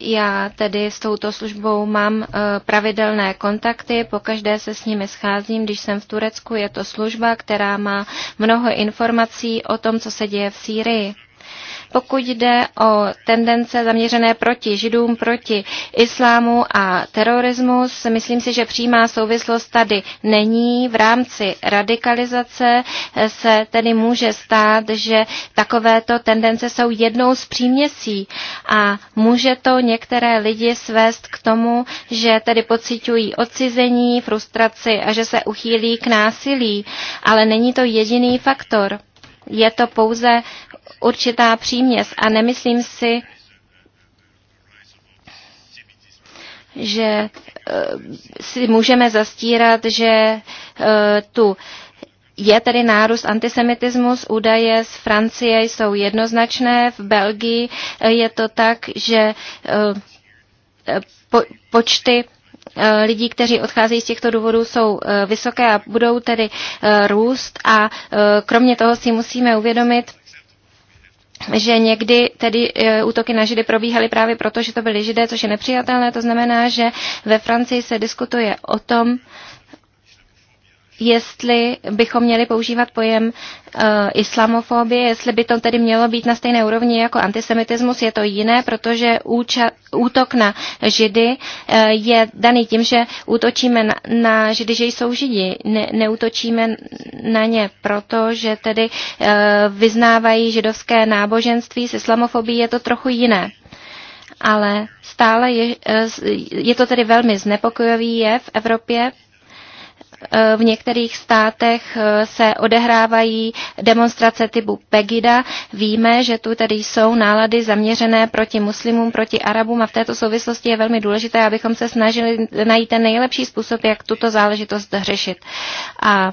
já tedy s touto službou mám pravidelné kontakty, pokaždé se s nimi scházím, když jsem v Turecku. Je to služba, která má mnoho informací o tom, co se děje v Sýrii. Pokud jde o tendence zaměřené proti židům, proti islámu a terorismus, myslím si, že přímá souvislost tady není. V rámci radikalizace se tedy může stát, že takovéto tendence jsou jednou z příměsí a může to některé lidi svést k tomu, že tedy pocitují odcizení, frustraci a že se uchýlí k násilí, ale není to jediný faktor. Je to pouze určitá příměs a nemyslím si, že eh, si můžeme zastírat, že eh, tu je tedy nárůst antisemitismus, údaje z Francie jsou jednoznačné, v Belgii eh, je to tak, že po, počty lidí, kteří odcházejí z těchto důvodů, jsou vysoké a budou tedy růst a kromě toho si musíme uvědomit, že někdy tedy e, útoky na židy probíhaly právě proto, že to byly židé, což je nepřijatelné. To znamená, že ve Francii se diskutuje o tom, jestli bychom měli používat pojem uh, islamofobie, jestli by to tedy mělo být na stejné úrovni jako antisemitismus, je to jiné, protože úča- útok na židy uh, je daný tím, že útočíme na, na židy, že jsou židi, ne- neútočíme na ně, protože tedy uh, vyznávají židovské náboženství, s islamofobií je to trochu jiné ale stále je, je to tedy velmi znepokojový jev v Evropě. E, v některých státech e, se odehrávají demonstrace typu Pegida. Víme, že tu tedy jsou nálady zaměřené proti muslimům, proti Arabům a v této souvislosti je velmi důležité, abychom se snažili najít ten nejlepší způsob, jak tuto záležitost řešit. A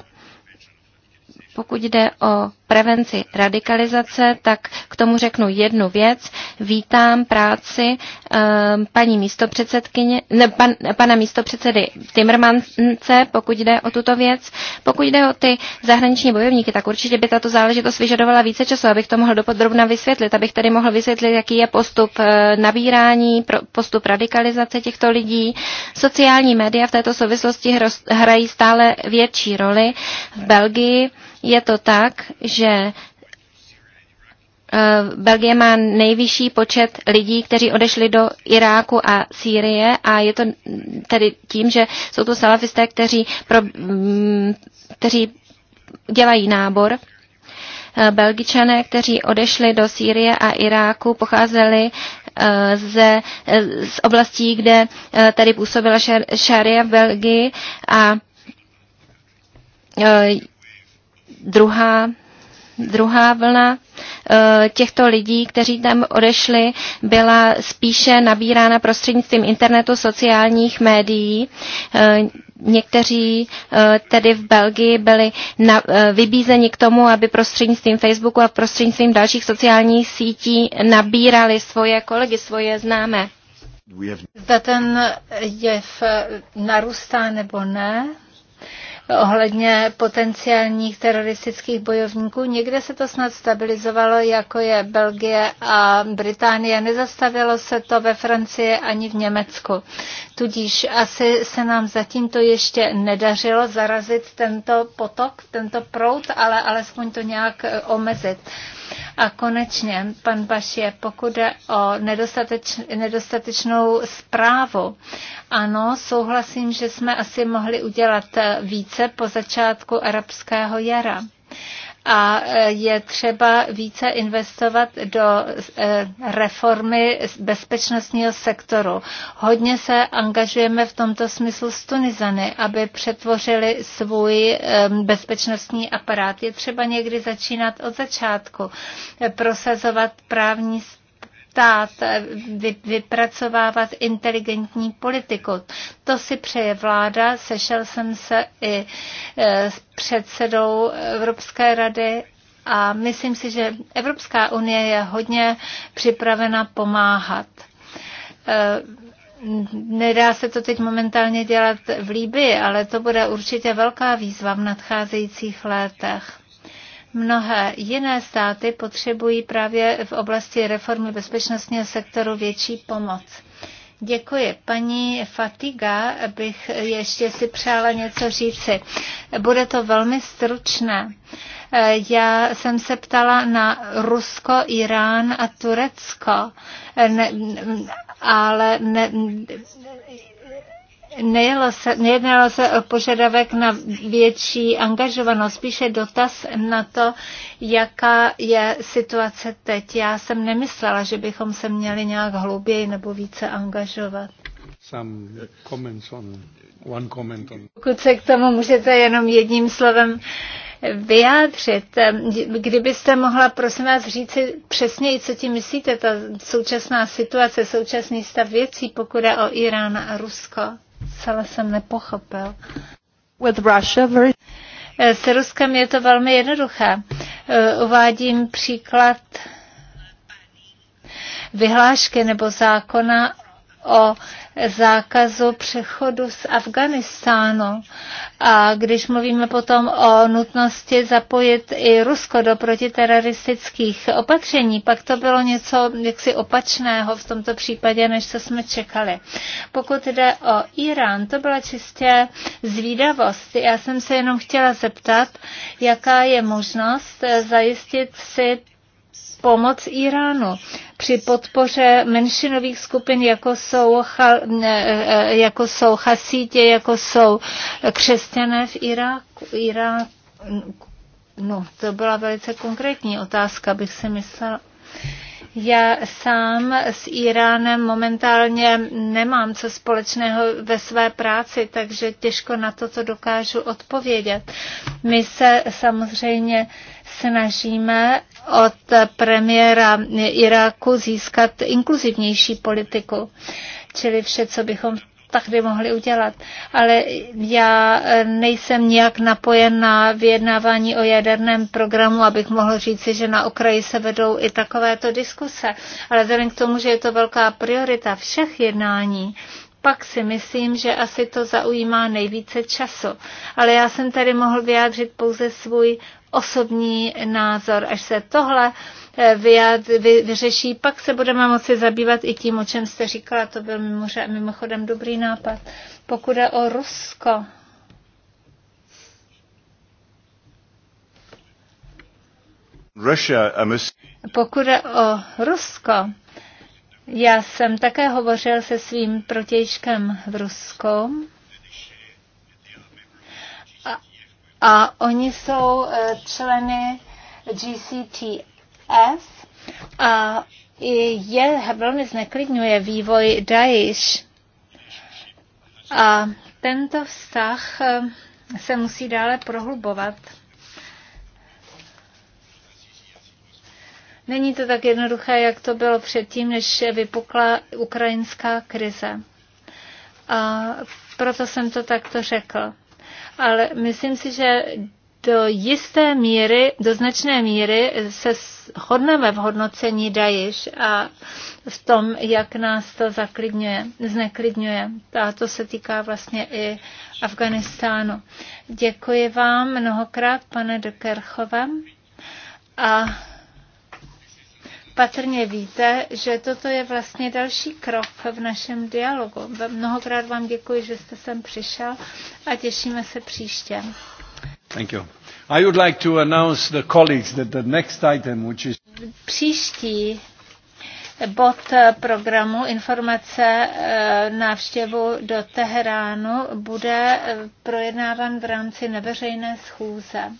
pokud jde o prevenci radikalizace, tak k tomu řeknu jednu věc. Vítám práci ehm, paní místopředsedkyně, ne, pan, pana místopředsedy Timmermance, pokud jde o tuto věc. Pokud jde o ty zahraniční bojovníky, tak určitě by tato záležitost vyžadovala více času, abych to mohl dopodrobna vysvětlit, abych tedy mohl vysvětlit, jaký je postup eh, nabírání, postup radikalizace těchto lidí. Sociální média v této souvislosti hrají stále větší roli. V Belgii je to tak, že eh, Belgie má nejvyšší počet lidí, kteří odešli do Iráku a Sýrie a je to tedy tím, že jsou to salafisté, kteří, pro, mm, kteří dělají nábor. Eh, Belgičané, kteří odešli do Sýrie a Iráku, pocházeli eh, ze, z oblastí, kde tady působila šaria v Belgii a druhá Druhá vlna eh, těchto lidí, kteří tam odešli, byla spíše nabírána prostřednictvím internetu, sociálních médií. Eh, někteří eh, tedy v Belgii byli na, vybízeni k tomu, aby prostřednictvím Facebooku a prostřednictvím dalších sociálních sítí nabírali svoje kolegy, svoje známé. Zda ten jev narůstá nebo ne, ohledně potenciálních teroristických bojovníků. Někde se to snad stabilizovalo, jako je Belgie a Británie. Nezastavilo se to ve Francii ani v Německu. Tudíž asi se nám zatím to ještě nedařilo zarazit tento potok, tento prout, ale alespoň to nějak omezit. A konečně, pan Bašie, pokud jde o nedostateč, nedostatečnou zprávu, ano, souhlasím, že jsme asi mohli udělat více po začátku arabského jara a e, je třeba více investovat do e, reformy bezpečnostního sektoru. Hodně se angažujeme v tomto smyslu s Tunizany, aby přetvořili svůj e, bezpečnostní aparát. Je třeba někdy začínat od začátku, prosazovat právní ptát, eh, vypracovávat inteligentní politiku. To si přeje vláda. Sešel jsem se i eh, s předsedou Evropské rady a myslím si, že Evropská unie je hodně připravena pomáhat. Eh, nedá se to teď momentálně dělat v Líbii, ale to bude určitě velká výzva v nadcházejících letech. Mnohé jiné státy potřebují právě v oblasti reformy bezpečnostního sektoru větší pomoc. Děkuji. Paní Fatiga bych ještě si přála něco říci. Bude to velmi stručné. Já jsem se ptala na Rusko, Irán a Turecko, ne, ale ne, Nejelo se, nejednalo se o požadavek na větší angažovanost, spíše dotaz na to, jaká je situace teď. Já jsem nemyslela, že bychom se měli nějak hlouběji nebo více angažovat. Some on, one comment on... Pokud se k tomu můžete jenom jedním slovem vyjádřit. Kdybyste mohla, prosím vás, říci přesně, co tím myslíte, ta současná situace, současný stav věcí, pokud je o Irán a Rusko celé jsem nepochopil. With Russia, very... Eh, s Ruskem je to velmi jednoduché. Eh, uvádím příklad vyhlášky nebo zákona o zákazu přechodu z Afganistánu. A když mluvíme potom o nutnosti zapojit i Rusko do protiteroristických opatření, pak to bylo něco jaksi opačného v tomto případě, než co jsme čekali. Pokud jde o Irán, to byla čistě zvídavost. Já jsem se jenom chtěla zeptat, jaká je možnost zajistit si pomoc Iránu při podpoře menšinových skupin, jako jsou, e, e, jako jsou chasítě, jako jsou křesťané v Iráku. Iráku. No, to byla velice konkrétní otázka, bych si myslela. Já sám s Iránem momentálně nemám co společného ve své práci, takže těžko na to, co dokážu odpovědět. My se samozřejmě snažíme od premiéra Iráku získat inkluzivnější politiku, čili vše, co bychom tak by mohli udělat. Ale já nejsem nijak napojen na vyjednávání o jaderném programu, abych mohl říci, že na okraji se vedou i takovéto diskuse. Ale vzhledem k tomu, že je to velká priorita všech jednání, pak si myslím, že asi to zaujímá nejvíce času. Ale já jsem tady mohl vyjádřit pouze svůj osobní názor. Až se tohle eh, vy, vyřeší, pak se budeme moci zabývat i tím, o čem jste říkala. To byl mimoře, mimochodem dobrý nápad. Pokud je o Rusko, Russia, Pokud je o Rusko, já jsem také hovořil se svým protějškem v Rusku a oni jsou eh, členy GCTF a je velmi zneklidňuje vývoj Daesh. A tento vztah eh, se musí dále prohlubovat. Není to tak jednoduché, jak to bylo předtím, než vypukla ukrajinská krize. A proto jsem to takto řekl ale myslím si, že do jisté míry, do značné míry se shodneme v hodnocení Dajiš a v tom, jak nás to zaklidňuje, zneklidňuje. A to se týká vlastně i Afganistánu. Děkuji vám mnohokrát, pane Dekerchove. A patrně víte, že toto je vlastně další krok v našem dialogu. Mnohokrát vám děkuji, že jste sem přišel a těšíme se příště. Thank you. I would like to announce the colleagues that the next item, which is... Příští bod programu informace eh, návštěvu do Teheránu bude eh, projednáván v rámci neveřejné schůze.